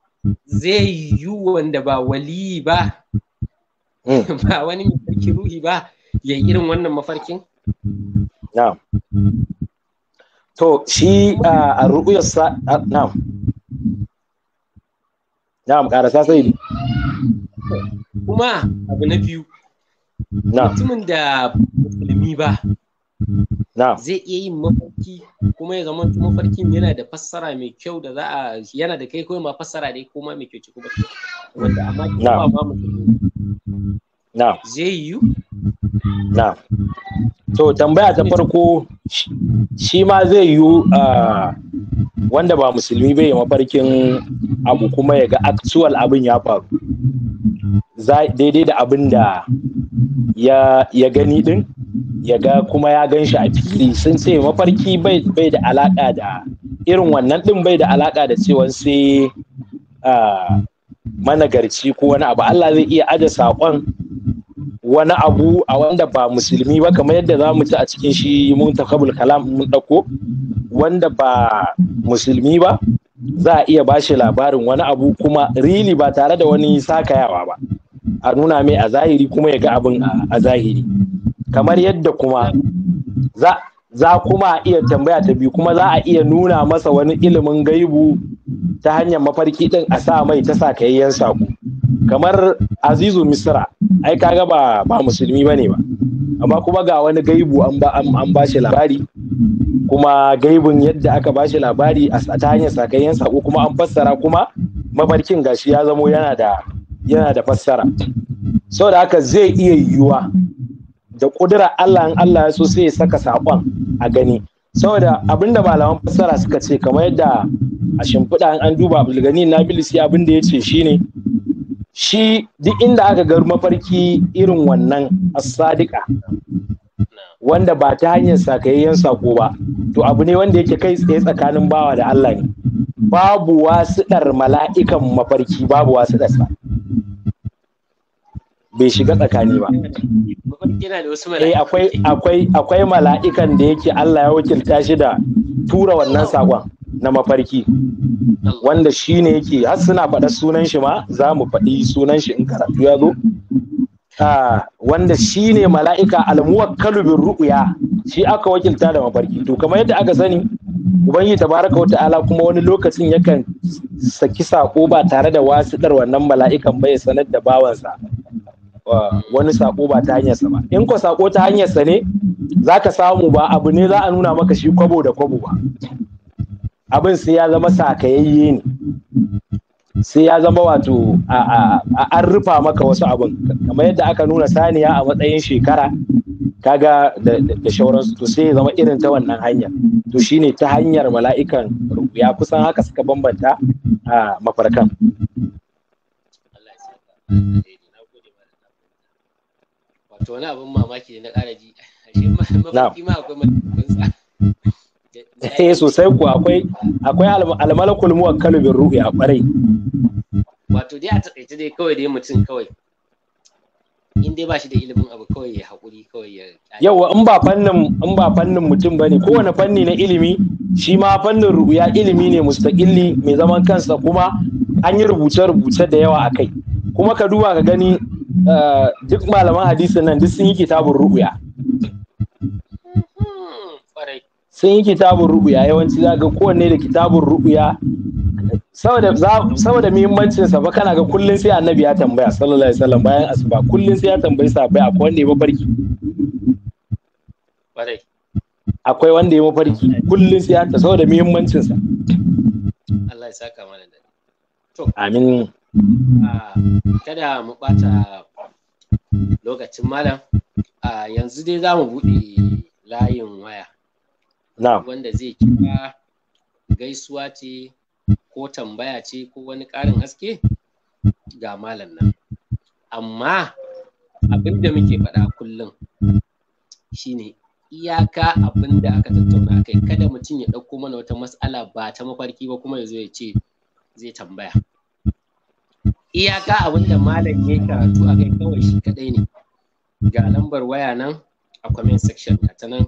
zai yi wanda ba wali ba hmm. [laughs] ba wani mafarki ruhi ba ya irin wannan mafarkin na to shi a ru'uyarsa na'am na'am ta sai kuma abu na biyu mutumin da musulmi ba zai iya yin mafarki kuma ya zama mafarkin yana da fassara mai kyau da za a yana da kai ma fassara dai kuma mai kyau ce kuma wanda amma kuma ba musulmi zai yi na to tambaya ta farko shi ma zai yi wanda ba musulmi bai yi mafarkin abu kuma ya ga actual abin ya faru daidai da abin da ya gani din ya ga kuma ya gan shi a fili sun ce mafarki bai da alaka da irin wannan din bai da alaka da cewa sai managarci ko wani abu Allah zai iya aje saƙon wani abu a wanda ba musulmi ba kamar yadda za mu ci a cikin shi mun takabul kalam mun dauko wanda ba musulmi ba za a iya ba shi labarin wani abu kuma rili ba tare da wani sakayawa ba a nuna mai a zahiri kuma ya ga abin a zahiri kamar yadda kuma za za kuma iya tambaya ta biyu kuma za a iya nuna masa wani ilimin gaibu ta hanyar mafarki din a sa mai ta sakayayyen sako kamar azizu misra ai kaga ba ba musulmi bane ba amma kuma ga wani gaibu an ba an ba shi labari kuma gaibun yadda aka ba shi labari a ta hanyar sakayyen sako kuma an fassara kuma mafarkin gashi ya zamo yana da yana da fassara da haka zai iya yiwuwa da kudura Allah in Allah ya so sai ya saka sakon a gani saboda abinda malaman fassara suka ce kamar yadda a shimfiɗa an duba abdulgani na bilisi abinda ya ce shine shi duk inda aka ga mafarki irin wannan asadika wanda ba ta hanyar sakayayyen sako ba to abu ne wanda yake kai tsaye tsakanin bawa da Allah ne babu wasiɗar mala'ikan mafarki babu sa bai shiga tsakani ba eh akwai akwai akwai mala'ikan da yake Allah ya wakilta shi da tura wannan sakon na mafarki wanda shi ne yake har suna faɗa sunan shi ma za mu faɗi sunan shi in karatu ya zo ah, wanda shi ne mala'ika almuwakkalu bin ru'uya, shi aka wakilta da mafarki to kamar yadda aka sani ubangi tabaraka wa ta'ala kuma wani lokacin yakan saki sako ba tare da wasiɗar wannan mala'ikan bai sanar da bawansa wani sako ba ta hanyarsa ba in ko sako ta hanyarsa ne za ka samu ba abu ne za a nuna maka shi kwabo da kwabo ba abin sai ya zama sakayayye ne sai ya zama wato an rufa maka wasu abin kamar yadda aka nuna saniya a matsayin shekara kaga da shauransu to sai ya zama irin ta wannan hanyar to shine ta hanyar mala'ikan ya kusan haka suka bambanta a mafarkan wato wani abin mamaki na ƙara ji ashe mafarki ma akwai eh sosai ku akwai akwai almalakul muwakkalu bir ruhi a kwarai wato dai a takaice dai kawai dai mutum kawai in dai ba shi da ilimin abu kawai ya haƙuri kawai ya yawa in ba fannin in ba fannin mutum bane kowane fanni na ilimi shi ma fannin ruya ilimi ne mustaqilli mai zaman kansa kuma an yi rubuce-rubuce da yawa akai kuma ka duba ka gani eh, duk malaman hadisin nan duk sun yi kitabun ruya. Kwarai. Hmm, sun yi kitabun rubuya yawanci za ga kowanne da kitabun rubuya saboda muhimmancin sa fa kana ga kullum sai annabi ya tambaya sallallahu alaihi wasallam bayan asuba kullum sai ya tambayi sahabbai akwai wanda ya mafarki akwai wanda ya mafarki Kullum sai ya ta saboda muhimmancin sa Allah ya saka mana da to amin kada mu bata lokacin malam yanzu dai za mu buɗe layin waya wanda zai kira gaisuwa ce ko tambaya ce ko wani ƙarin haske ga malam nan amma abin da muke faɗa kullum shine iyaka abin da aka tattauna kai kada mutum ya ɗauko mana wata matsala ba ta mafarki ba kuma ya zo ya ce zai tambaya iyaka abin da malam ya karatu a kai kawai shi kaɗai ne ga lambar waya nan a comment section ta nan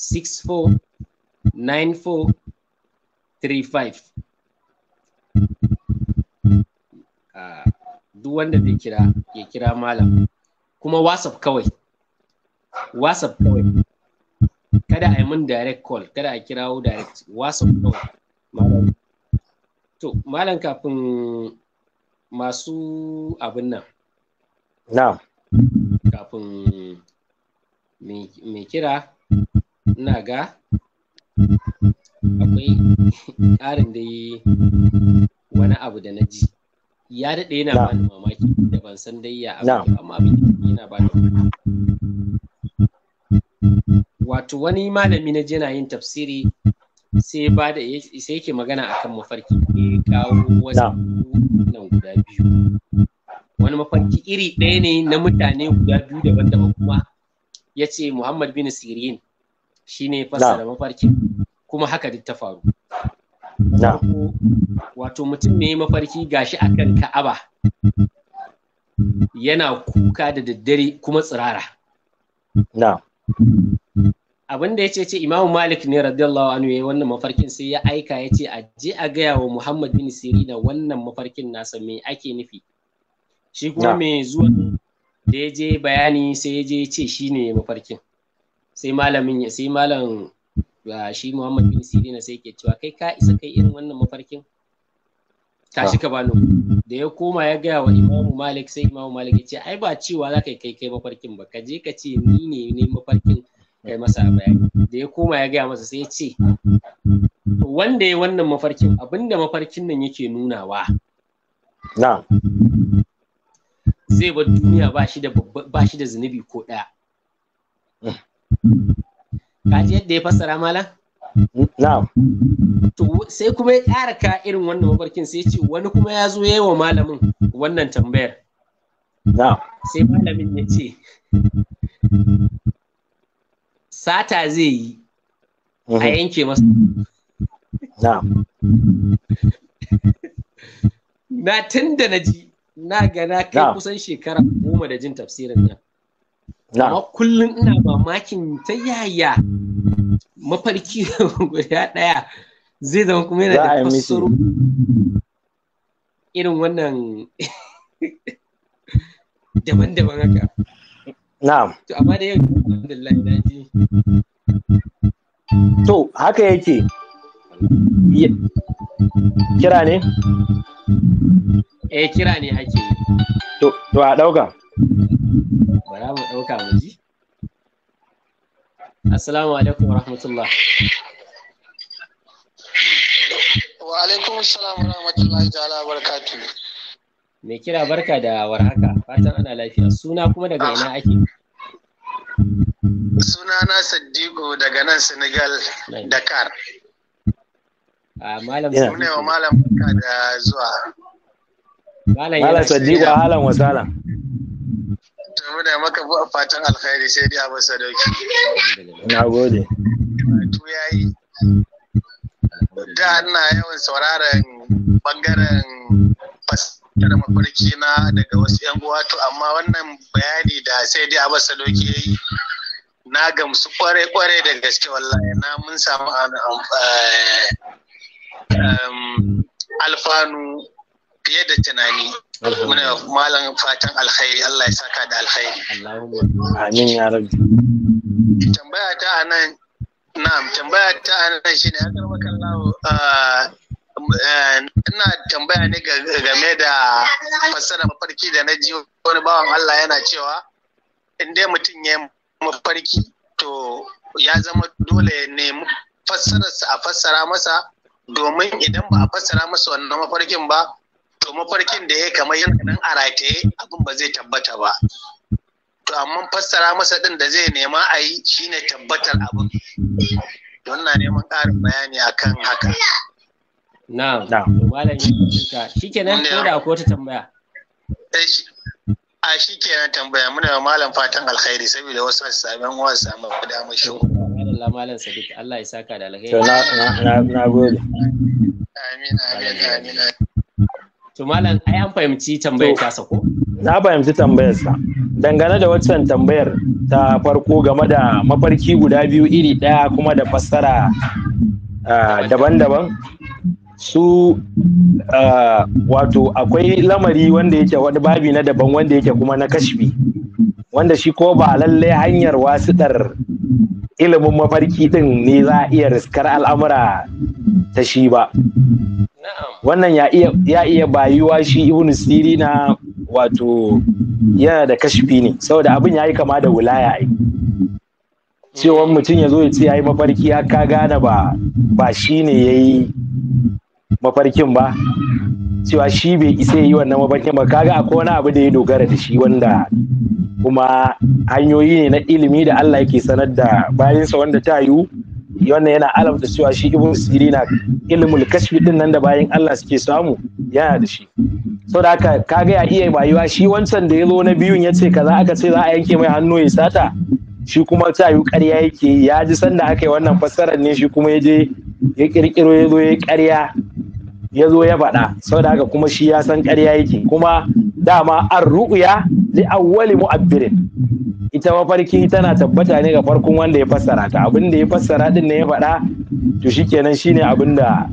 six four nine four three five ah, duk wanda bai kira ya kira malam kuma whatsapp kawai whatsapp kawai kada a yi min direct call kada a kirawo direct whatsapp kawai malam to malam kafin masu abin nan na kafin mai kira ina ga akwai ƙarin dai wani abu da na ji ya daɗe yana ba da mamaki da ban san dai ya abu amma abin yana ba da wato wani malami na yana yin tafsiri sai ba da sai yake magana akan mafarki ya kawo wasu nan guda biyu wani mafarki iri ɗaya ne na mutane guda biyu daban-daban kuma ya ce muhammad bin sirin shine fassara mafarki kuma haka duk ta faru wato mutum ne mafarki gashi akan ka'aba yana kuka da daddare kuma tsirara abin da ya ce ce imamu malik ne radiyallahu anhu yi wannan mafarkin sai ya aika ya ce a je a gaya wa muhammad bin da wannan mafarkin nasa me ake nufi shi kuma mai zuwa da ya je bayani sai ya je ya ce ne mafarkin sai malamin ya sai malam shi Muhammad bin Sirina sai ke cewa kai ka isa kai irin wannan mafarkin tashi ka bani da ya koma ya gaya wa imamu malik sai imamu malik ya ce ai ba cewa za ka kai kai mafarkin ba ka je ka ce ni ne ne mafarkin kai masa bayani da ya koma ya gaya masa sai ya ce wanda ya wannan mafarkin abinda mafarkin nan yake nunawa na zai bar duniya ba shi da zunubi ko ɗaya mm. kaji yadda ya fassara mala na'am to sai kuma ya ƙara ka irin wannan mafarkin sai ce wani kuma ya zo yayi wa malamin wannan tambayar na'am sai malamin ya ce sata zai yi a mhm. yanke masa na'am na tun da na ji na gana kai kusan shekara goma da jin tafsirin nan amma kullum ina mamakin ta yaya mafarki [laughs] guda ɗaya zai zama kuma yana da fassaro irin wannan [laughs] daban-daban haka na'am to amma da yau alhamdulillah da ji to haka yake kira ne eh kira ne hake to a ɗauka bara mu ɗauka mu ji assalamu alaikum wa rahmatullah wa alaikum assalam wa rahmatullahi ta'ala wa barakatuh Me kira barka da warhaka fatan ana lafiya suna kuma daga ina ake suna na saddiqu daga nan senegal dakar a ah, malam sune wa malam barka da zuwa malam saddiqu halan wa to muna maka fatan alkhairi sai dai a masa dauki na gode to yayi da ina yawan sauraron bangaren fassara mafarki na daga wasu yan uwa to amma wannan bayani da sai dai a masa dauki yayi na gamsu kware-kware da gaske wallahi na mun samu eh, alfanu fiye da tunani muna malam fatan alkhairi Allah ya saka da alkhairi amin ya rabbi tambaya ta anan na'am tambaya ta anan shine akar makallahu uh, um, uh, ina tambaya ne game da fassara mafarki da na ji wani bawan Allah yana cewa in dai mutum ya mafarki to ya zama dole ya nemi fassararsa a fassara masa domin idan ba a fassara masa wannan mafarkin ba to mafarkin da ya kamar yana nan a rataye abin ba zai tabbata ba to amma fassara masa din da zai nema a yi shine tabbatar abin don na neman ƙarin bayani akan haka na'am shi shikenan ko da ko ta tambaya eh, a shi kenan tambaya muna da malam fatan alkhairi saboda wasu wasu uwa samu da mashi Allah malam sadiq Allah ya saka da alkhairi na gode amin amin amin To malam ai an fahimci tambayar ta sako. Na fahimci tambayar sa. Dangane da waccan tambayar ta farko game da mafarki guda biyu iri ɗaya kuma da fassara ah, daban-daban. Su ah, wato akwai lamari wanda yake wani babi na daban wanda yake kuma na kashfi. Wanda shi ko ba lallai hanyar wasiɗar ilimin mafarki ɗin ne za a iya riskar al'amura ta shi ba. wannan ya iya bayuwa shi ibn na wato yana da kashfi ne saboda abin yayi kama da wulaya ai cewa mutum ya zo ya ce yayi mafarki ya ka gane ba ba shine yayi mafarkin ba cewa shi bai isa yi wannan mafarkin ba kaga akwai wani abu da ya dogara da shi wanda kuma hanyoyi ne na ilimi da Allah yake sanar da bayansa wanda ta yiwu wannan yana alamta cewa shi ibn na ilmul kashfi din nan da bayan Allah suke samu yana da shi saboda haka kaga ya iya bayuwa shi wancan da ya zo na biyun ya ce kaza aka ce za a yanke mai hannu ya sata shi kuma ta yi ƙarya yake ya ji sanda aka wannan fassarar ne shi kuma ya je ya kirkiro ya zo ya ƙarya ya zo ya faɗa saboda haka kuma shi ya san ƙarya yake kuma dama an ru'uya li awwali mu'abbirin ita mafarki tana tabbata ne ga farkon wanda ya fassara ta abin da ya fassara din ne ya faɗa to shikenan shine abin da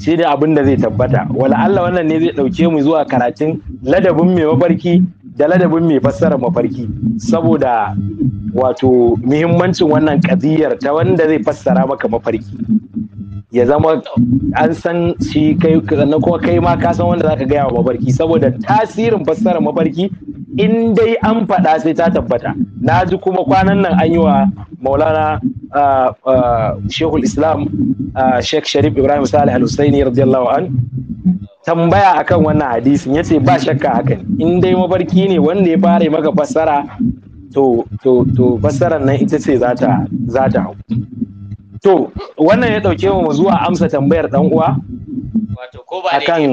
shine abin da zai tabbata wala Allah wannan ne zai ɗauke mu zuwa karatun ladabin mai mafarki da ladabin mai fassara mafarki saboda wato muhimmancin wannan kadiyar ta wanda zai fassara maka mafarki ya zama an san shi kai na kuma kai ma ka san wanda zaka gaya wa mabarki. saboda tasirin fassarar mabarki in dai an faɗa sai ta tabbata na ji kuma kwanan nan an yi wa maulana shehul islam sheikh sharif ibrahim salih al-husaini radiyallahu an tambaya akan wannan hadisin ce ba shakka hakan in dai mabarki ne wanda ya fara maka fassara to to fassarar nan ita ce za za ta hau To, wannan ya ɗauke mu zuwa amsa tambayar ɗan uwa? Wato, ko ba Akan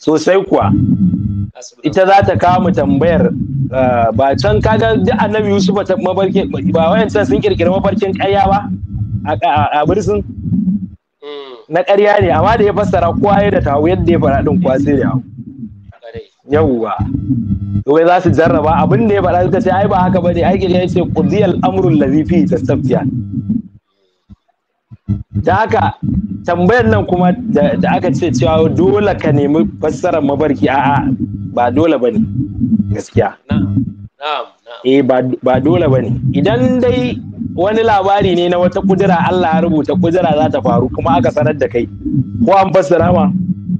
sosai kuwa. Ita za ta kawo mu tambayar eh, ba can kaga duk annabi Yusuf ta mafarkin ba wayan wayancan sun kirkiri mafarkin ƙarya ba a birsin hmm. na ƙarya ne amma da ya fassara kowa ya da tawo yadda ya faɗa ɗin kowa sai da yawwa wai za su jarraba abin da ya faɗa suka ce ai ba haka bane ai ya ce qudiyal amrul ladhi fihi tastaftiyan da haka tambayar nan kuma da aka ce cewa dole ka nemi fassarar mabarki a'a ba dole ba ne gaskiya eh ba dole ba ne idan dai wani labari ne na wata kudura Allah ya rubuta kudura za ta faru kuma aka sanar da kai ko an fassara ma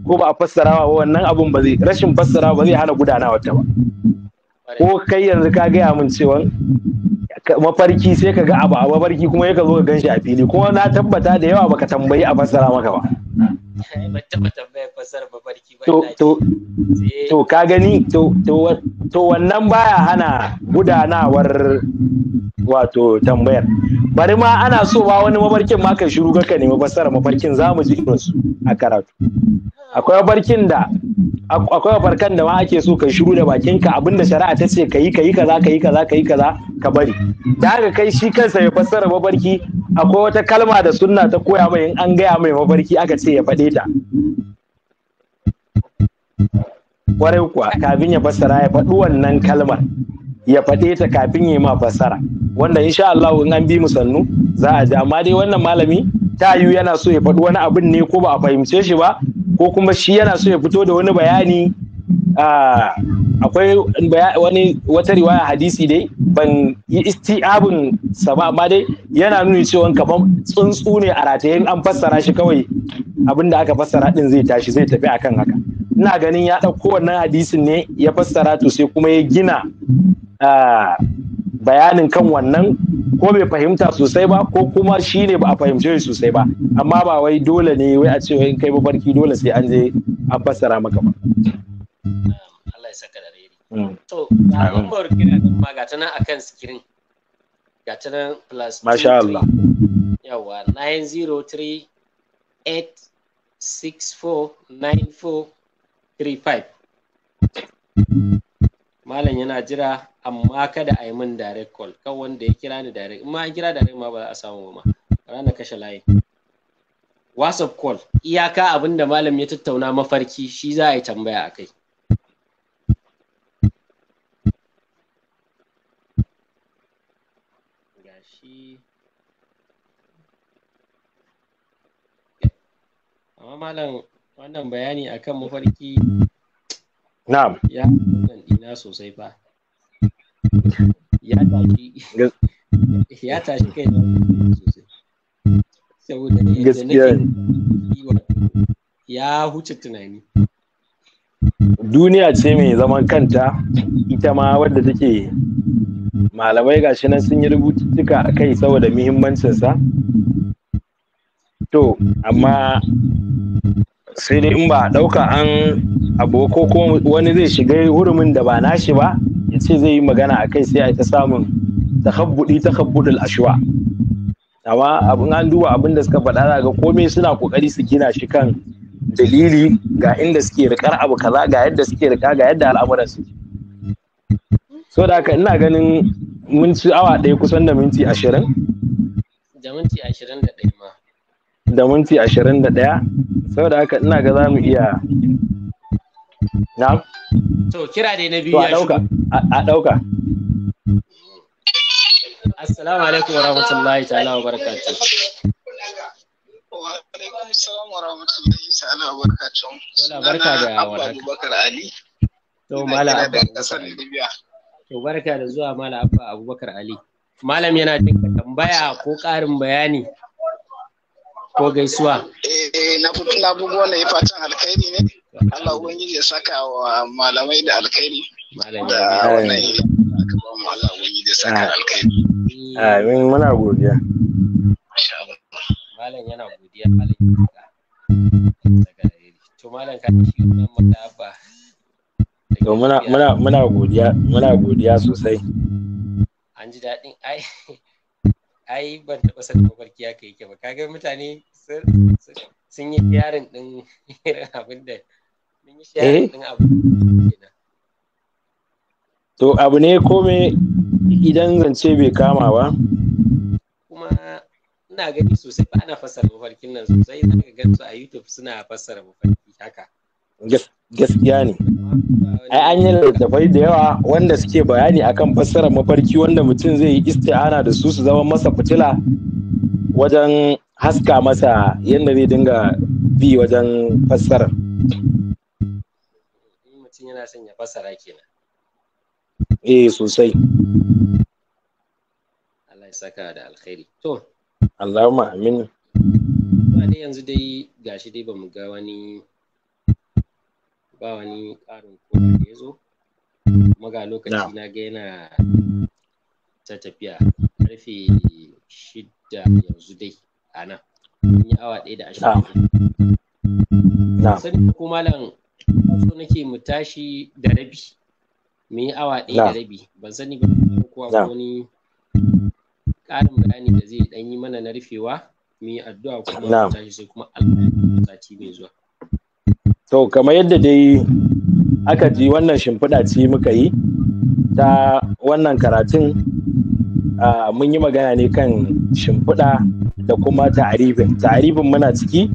ko ba a fassara ma wannan abun ba zai rashin fassara ba zai hana gudana ta ba ko kai yanzu ka gaya min cewa mafarki sai ka ga abu a mafarki kuma ya ka zo ka gan shi a fili kuma na tabbata da yawa baka tambayi a fassara maka ba to ka gani to wannan baya hana gudanawar wato tambayar bari ma ana so ba wani mafarkin ma ka shiru ka nemi fassara mafarkin za mu ji irinsu a karatu akwai barkin da akwai farkan da ma ake so ka shiru da bakinka abinda shari'a ta ce ka yi ka yi kaza ka yi kaza ka yi kaza ka bari da haka kai shi kansa ya fassara mafarki akwai wata kalma da sunna ta koya mai in an gaya mai mafarki aka ce ya faɗe ta kwarai kuwa kafin ya fassara ya faɗi wannan kalmar ya faɗe ta kafin ya ma fassara wanda insha Allah in an bi mu sannu za a ji amma dai wannan malami ta yiwu yana so ya faɗi wani abin ne ko ba a fahimce shi ba ko kuma shi yana so ya fito da wani bayani akwai wani wata riwaya hadisi dai ban yi isti'abin sa ba amma dai yana nuna cewa kaman tsuntsu ne a rataye an fassara shi kawai abin da aka fassara din zai tashi zai tafi akan haka ina ganin ya ɗauko wannan hadisin ne ya fassara to sai kuma ya gina bayanin kan wannan ko bai fahimta sosai ba ko kuma shi ne ba a fahimce shi sosai ba amma ba wai dole ne wai a ce wai in kai mafarki dole sai an je an fassara maka ba Allah ya saka da rere mm. to ga lambar kira din ma ga ta nan akan screen ga ta nan plus masha Allah yawa 903 8 malam yana jira amma kada a yi min direct call kan wanda ya kira ni direct in ma an kira direct ma ba za a samu ba ranar kashe layi whatsapp call iyaka abin da malam ya tattauna mafarki shi za a yi tambaya a kai amma malam wannan bayani akan mafarki na'am ya na sosai fa ya [laughs] tashi ya tashi kai na sosai saboda ne nake ya huce tunani duniya ce mai zaman kanta ita ma wadda take malamai gashi nan sun yi rubututtuka a kai saboda muhimmancinsa to amma sai dai in ba ɗauka an abu ko kuma wani zai shiga hurumin da ba nashi ba ya ce zai yi magana a kai sai a ta samun takabbudi habbuɗin ashuwa amma abin an duba abin da suka faɗa ga komai suna ƙoƙari su gina shi kan dalili ga inda suke riƙar abu kaza ga yadda suke riƙa ga yadda al'amuran su so da haka ina ganin minti awa ɗaya kusan da minti ashirin da minti ashirin da ɗaya ma da minti ashirin da ɗaya saboda haka ina ga za mu iya na to kira dai na biyu ya ɗauka a ɗauka assalamu alaikum wa rahmatullahi ta'ala wa barakatu Wala barka da Abubakar Ali. To Mala To barka da zuwa Mala Abba Abubakar Ali. Malam yana da tambaya ko ƙarin bayani ko gaisuwa eh na fito na yi fatan alkhairi ne Allah wani ya saka wa malamai da alkhairi da wani muna godiya muna godiya muna godiya sosai an ji daɗin ai ai ban taɓa sanin mafarki haka yake ba kaga mutane sun yi yarin ɗin [laughs] abin da sun yi sharing eh? ɗin to abu ne kome idan zance bai kama ba kuma ina gani sosai ba ana fassara mafarkin nan sosai zaka gansu gan a youtube suna fassara mafarki haka gaskiya ne ai an yi littattafai da yawa wanda suke bayani akan fassarar mafarki wanda mutum zai yi isti'ana da su su zama masa fitila wajen haska masa yadda zai dinga bi wajen fassarar mutum yana son ya fassara kenan eh sosai Allah ya saka da alkhairi to Allahumma amin yanzu dai gashi dai bamu ga wani ba wani ƙarin komai da ya zo kuma ga lokaci na ga yana ta tafiya karfe shida yanzu dai a nan mun yi awa ɗaya da ashirin sani ko malam so nake mu tashi da rabi mu yi awa ɗaya da rabi ban sani ba ko wani ƙarin bayani da zai ɗan yi mana na rufewa mu yi addu'a kuma mu tashi sai kuma Allah ya sati mai zuwa To kamar yadda dai aka ji wannan shimfiɗa ce muka yi ta wannan karatun mun yi magana ne kan shimfiɗa da kuma ta'aribin. Ta'aribin muna ciki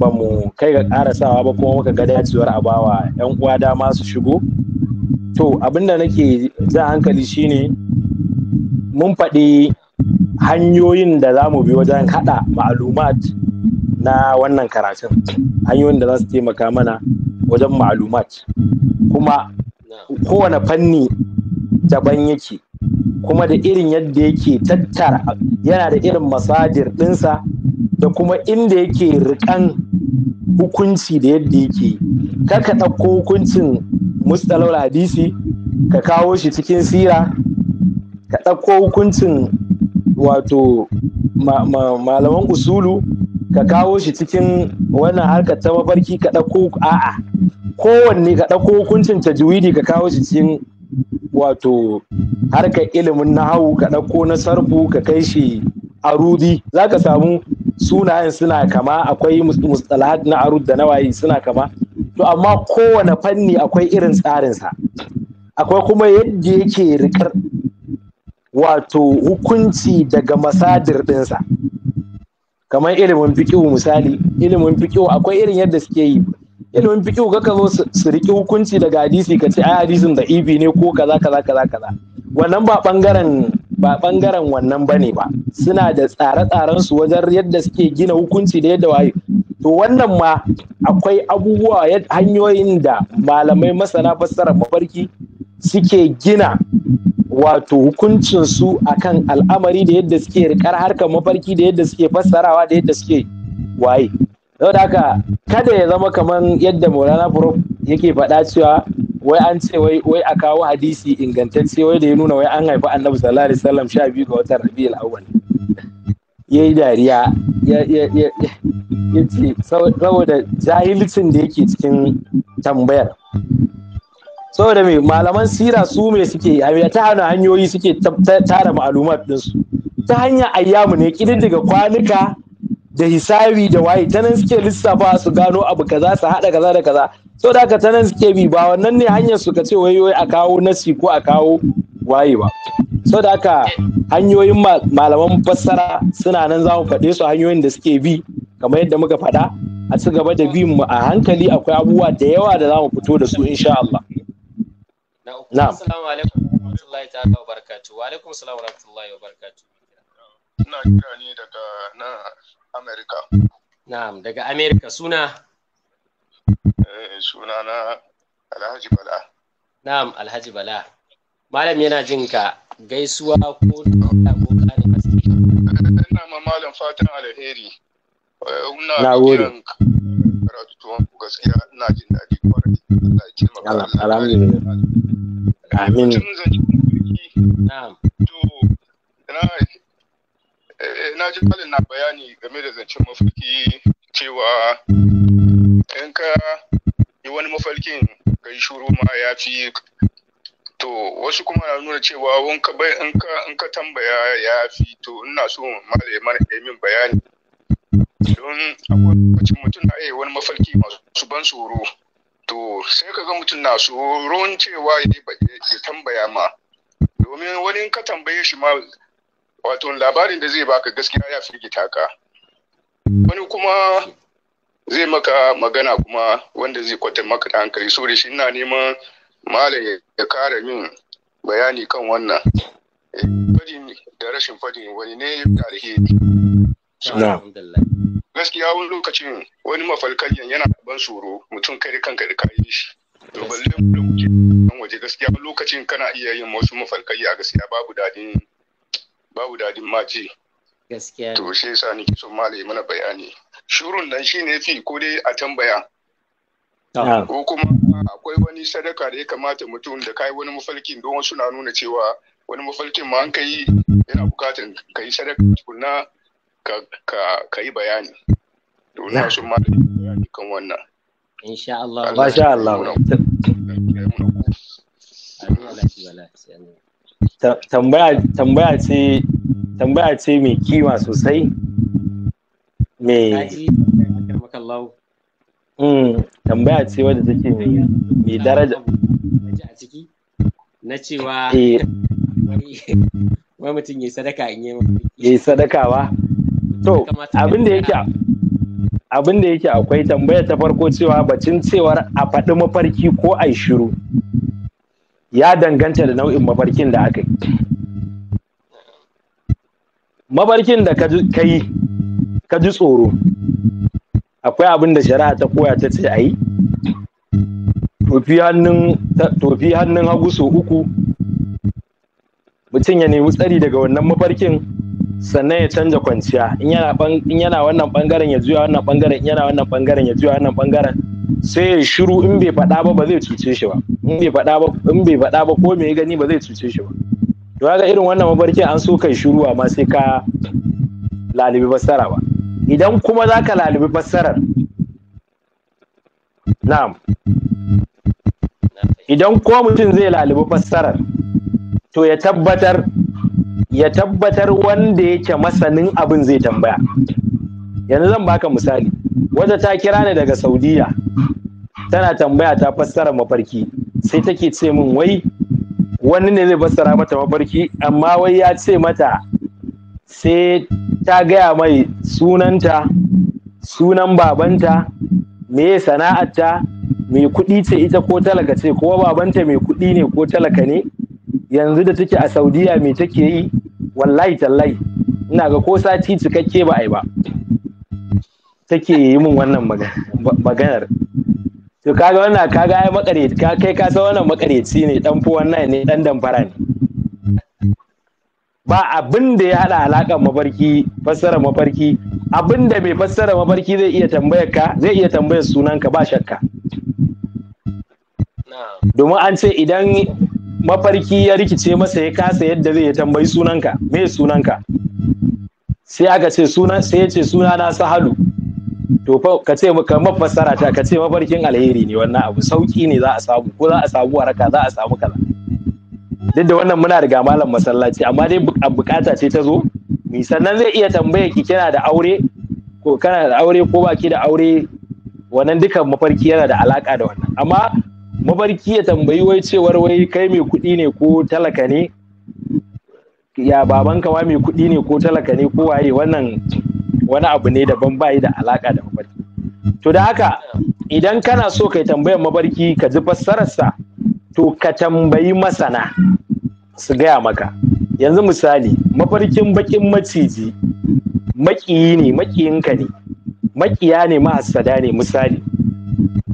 ba mu kai ga ƙarasawa ba kuma muka ga dacewar a bawa 'yan uwa dama su shigo. To abinda nake za hankali shine mun faɗi hanyoyin da za mu bi wajen haɗa ma'alumat na wannan karatun hanyoyin da za su taimaka mana wajen ma'alumat kuma kowane fanni daban yake kuma da irin yadda yake tattara yana da irin masadir ɗinsa da kuma inda yake rikan hukunci da yadda yake kar ka ɗauko hukuncin mustalar hadisi ka kawo shi cikin sira ka ɗauko hukuncin wato malaman usulu ka kawo shi cikin wannan harkar ta mafarki ka ɗauko a'a kowanne ka ɗauko hukuncin tajwidi ka kawo shi cikin wato harkar ilimin hau ka ɗauko na sarfu ka kai shi arudi za ka samu sunayen suna kama akwai mustalahat na arud da nawayi suna kama to amma kowane fanni akwai irin tsarinsa akwai kuma yadda yake rikar wato hukunci daga masadir ɗinsa kamar ilimin fiƙihu misali ilimin fiƙihu akwai irin yadda suke yi ilimin fiƙihu kaka zo su riƙi hukunci daga hadisi ka ce ai hadisin da ibi ne ko kaza kaza kaza kaza wannan ba bangaren ba bangaren wannan bane ba suna da tsare-tsaren su wajen yadda suke gina hukunci da yadda waye to wannan ma akwai abubuwa hanyoyin da malamai masana fassara mafarki suke gina wato hukuncin su akan al'amari da yadda suke rikar harkar mafarki da yadda suke fassarawa da yadda suke waye saboda haka kada ya zama kamar yadda Maulana Prof yake faɗa cewa wai an ce wai wai a kawo hadisi ingantacce wai da ya nuna wai an haifi Annabi sallallahu alaihi wasallam 12 ga watan Rabiul Awwal yayi dariya ya ya ya yace saboda jahilcin da yake cikin tambayar saboda me malaman sira su me suke a ta hana hanyoyi suke tara ma'alumat ɗinsu ta hanyar ayyamu ne daga kwanuka da hisabi da waye ta nan suke lissafa su gano abu kaza su haɗa kaza da kaza so da haka ta nan suke bi ba wannan ne hanyar su ka ce wai wai a kawo nasi ko a kawo waye ba so da haka hanyoyin malaman fassara suna nan za mu faɗe su hanyoyin da suke bi kamar yadda muka faɗa a ci gaba da bin mu a hankali akwai abubuwa da yawa da za mu fito da su insha Allah na uku assalamu alaikum warahmatullahi ta'ala wa barakatu. wa alaikum assalam warahmatullahi wa barakatu. ina kira ne daga na america na'am daga america suna eh suna na alhaji bala na'am alhaji bala malam yana jin ka gaisuwa ko tambaya ko karin haske ina ma malam fatan alheri eh, ina kiran karatutuwan ku gaskiya ina jin daɗi kwarai Allah ya taimaka alhamdulillah amin to na eh, ji malin na bayani game da zancen mafarki cewa in ka yi wani mafarkin ka yi shuru ma ya fi to wasu kuma na nuna cewa in ka tambaya ya fi to ina so malai mana yi min bayani don a lokacin mutum na iya eh, wani mafarki masu ban tsoro to sai ka ga mutum na tsoron cewa ya tambaya ma domin wani ka tambaye shi ma wato labarin da zai baka gaskiya ya firgita ka wani kuma zai maka magana kuma wanda zai kwata maka da hankali so da shi ina neman malam ya kara min bayani kan wannan eh, fadin da rashin fadin wani ne tarihi gaskiya wani lokacin wani mafalkanyan yana da ban tsoro mutum kai kanka da kayi shi to balle da muke nan waje gaskiya wani lokacin kana iya yin wasu mafalkai a gaskiya babu dadin babu dadin ji gaskiya to shi yasa nake son malai mana bayani shurun shi ne fi ko dai a tambaya ko kuma akwai wani sadaka da ya kamata mutum da kai wani mafalkin don suna nuna cewa wani mafalkin ma an kai yana bukatar kai sadaka tukunna ka yi bayani to na sun ma da bayani kan wannan insha Allah masha Allah tambaya ce tambaya ce mai kima sosai mai hmm, tambaya ce wadda take mai daraja na cewa eh. wai mutum ya sadaka in yi sadaka ba to abin da yake abin akwai tambaya ta farko cewa bacin cewar a faɗi mafarki ko a shiru ya danganta da nau'in mafarkin da aka yi mafarkin da ka yi ka ji tsoro akwai abin da shari'a ta koya ta ce a yi tofi hannun hagu sau uku mutum ya nemi tsari daga wannan mafarkin sannan ya canja kwanciya in yana wannan bangaren ya juya wannan bangaren in yana wannan bangaren ya juya wannan bangaren sai ya shiru in bai faɗa ba ba zai cuce shi ba in bai faɗa ba in bai faɗa ba ko me ya gani ba zai cuce shi ba to kaga irin wannan mabarki an so kai shiru amma sai ka lalibi fassara ba idan kuma zaka lalibi fassarar na'am idan ko mutum zai lalibi fassarar to ya tabbatar ya tabbatar wanda yake masanin abin zai tambaya yanzu zan baka misali wata ta kira ni daga saudiya tana tambaya ta fassara mafarki sai take ce min wai wani ne zai fassara mata mafarki amma wai ya ce mata sai ta gaya mai sunanta sunan babanta me sana'arta me kuɗi ce ita ko talaka ce ko babanta me kuɗi ne ko talaka ne yanzu da take a saudiya me take yi wallahi tallahi ina ga ko sati cikakke ba a yi ba take yi min wannan maganar to kaga wannan kaga ai makareci ka kai ka san wannan makareci ne dan fu wannan ne dan damfara ne ba abin da ya hada alakan mafarki fassara mafarki abin da mai fassara mafarki zai iya tambayar ka zai iya tambayar sunan ka ba shakka domin an ce idan mafarki ya rikice masa ya kasa yadda zai tambayi sunanka me sunanka sai aka ce sunan sai ya ce suna na sahalu to fa ka ce ka mafassara ta ka ce mafarkin alheri ne wannan abu sauki ne za a samu ko za a samu waraka za a samu kaza duk da wannan muna riga malam masallaci amma dai bukata ce ta zo mi sannan zai iya tambaya ki kina da aure ko kana da aure ko baki da aure wannan dukan mafarki yana da alaka da wannan amma Mabarki ya tambayi wai cewar wai kai mai kuɗi ne ko talaka ne ya baban ma mai kuɗi ne ko talaka ne ko waye wannan wani abu ne daban bayi da alaka da mabarki to da haka idan kana so kai tambayar mabarki ka ji fassararsa to ka tambayi masana su gaya maka yanzu misali mafarkin bakin maciji maƙiyi ne maƙiyinka ne maƙiya ne ma'asada ne misali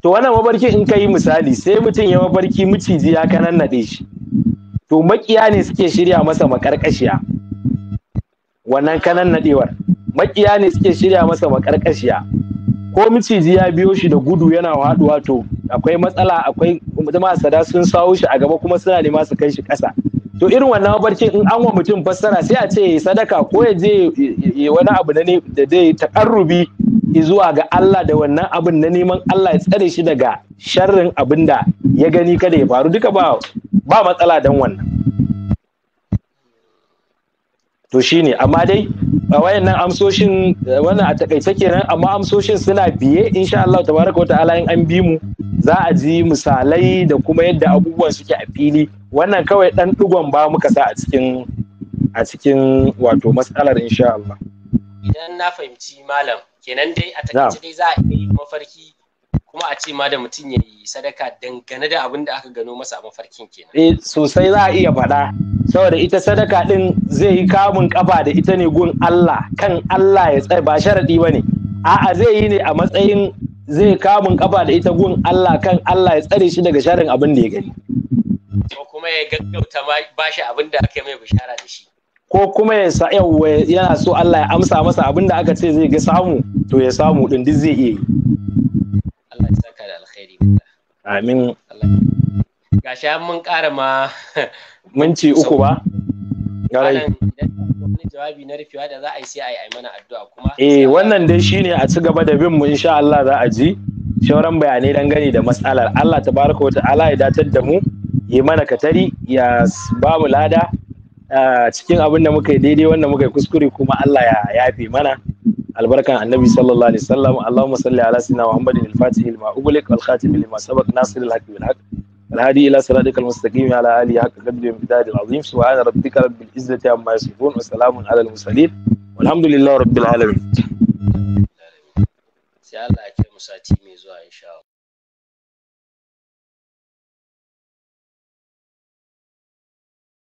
to wannan mabarki in ka yi misali sai mutum ya mabarki miciji ya kanan naɗe shi to makiya ne suke shirya masa makarkashiya wannan kanan naɗewar makiya ne suke shirya masa makarkashiya ko miciji ya biyo shi da gudu yana haɗuwa to akwai matsala akwai jama'a sada sun sawo shi a gaba kuma suna nema su kai shi ƙasa to irin wannan barci in an wa mutum fassara sai a ce sadaka ko ya je wani abu ne da zai taƙarrubi zuwa ga Allah da wannan abin na neman Allah ya tsare shi daga sharrin abin da ya gani kada ya faru duka ba ba matsala dan wannan to ne, amma dai a wayannan amsoshin wannan a takaice kenan amma amsoshin suna biye insha Allah tabaraka ta'ala in an bi mu za a ji misalai da kuma yadda abubuwan suke a fili wannan kawai dan digon ba muka sa a cikin a cikin wato matsalar insha Allah idan na fahimci malam kenan dai a takaice dai za a yi mafarki kuma a ce ma da mutum ya yi sadaka dangane da abin da aka gano masa a mafarkin kenan. Eh sosai za a iya faɗa saboda ita sadaka ɗin zai yi kamun kafa da ita ne gun Allah kan Allah ya tsaye ba sharaɗi ba ne a'a zai yi ne a matsayin zai kamun kafa da ita gun Allah kan Allah ya tsare shi daga sharin abin da ya gani. Ko kuma ya gaggauta ba shi abin da aka mai bishara da shi. Ko kuma ya sa yana so Allah ya amsa masa abin da aka ce zai ga samu to ya samu ɗin duk zai iya yi. alkhairi amin sha mun ƙara ma [laughs] minti uku ba jawabi na rufewa da za a yi sai a yi mana addu'a kuma eh wannan dai shine a ci gaba da bin mu insha Allah za a ji shauran bayanai dangane da matsalar Allah tabaraka wa ta'ala ya datar da mu yi mana katari ya ba mu lada ah, cikin abin da muka yi daidai wanda muka yi kuskure kuma Allah ya yafe mana albarkan annabi sallallahu alaihi wasallam Allahumma salli ala sayyidina Muhammadin al-Fatih lima ughliq al-khatim lima sabaq nasir al-haq bil haq الهادي الى صراطك المستقيم على اله حق قدر وامتداد العظيم سبحان ربك رب العزه عما يصفون وسلام على المرسلين والحمد لله رب العالمين sai Allah ya sati mai zuwa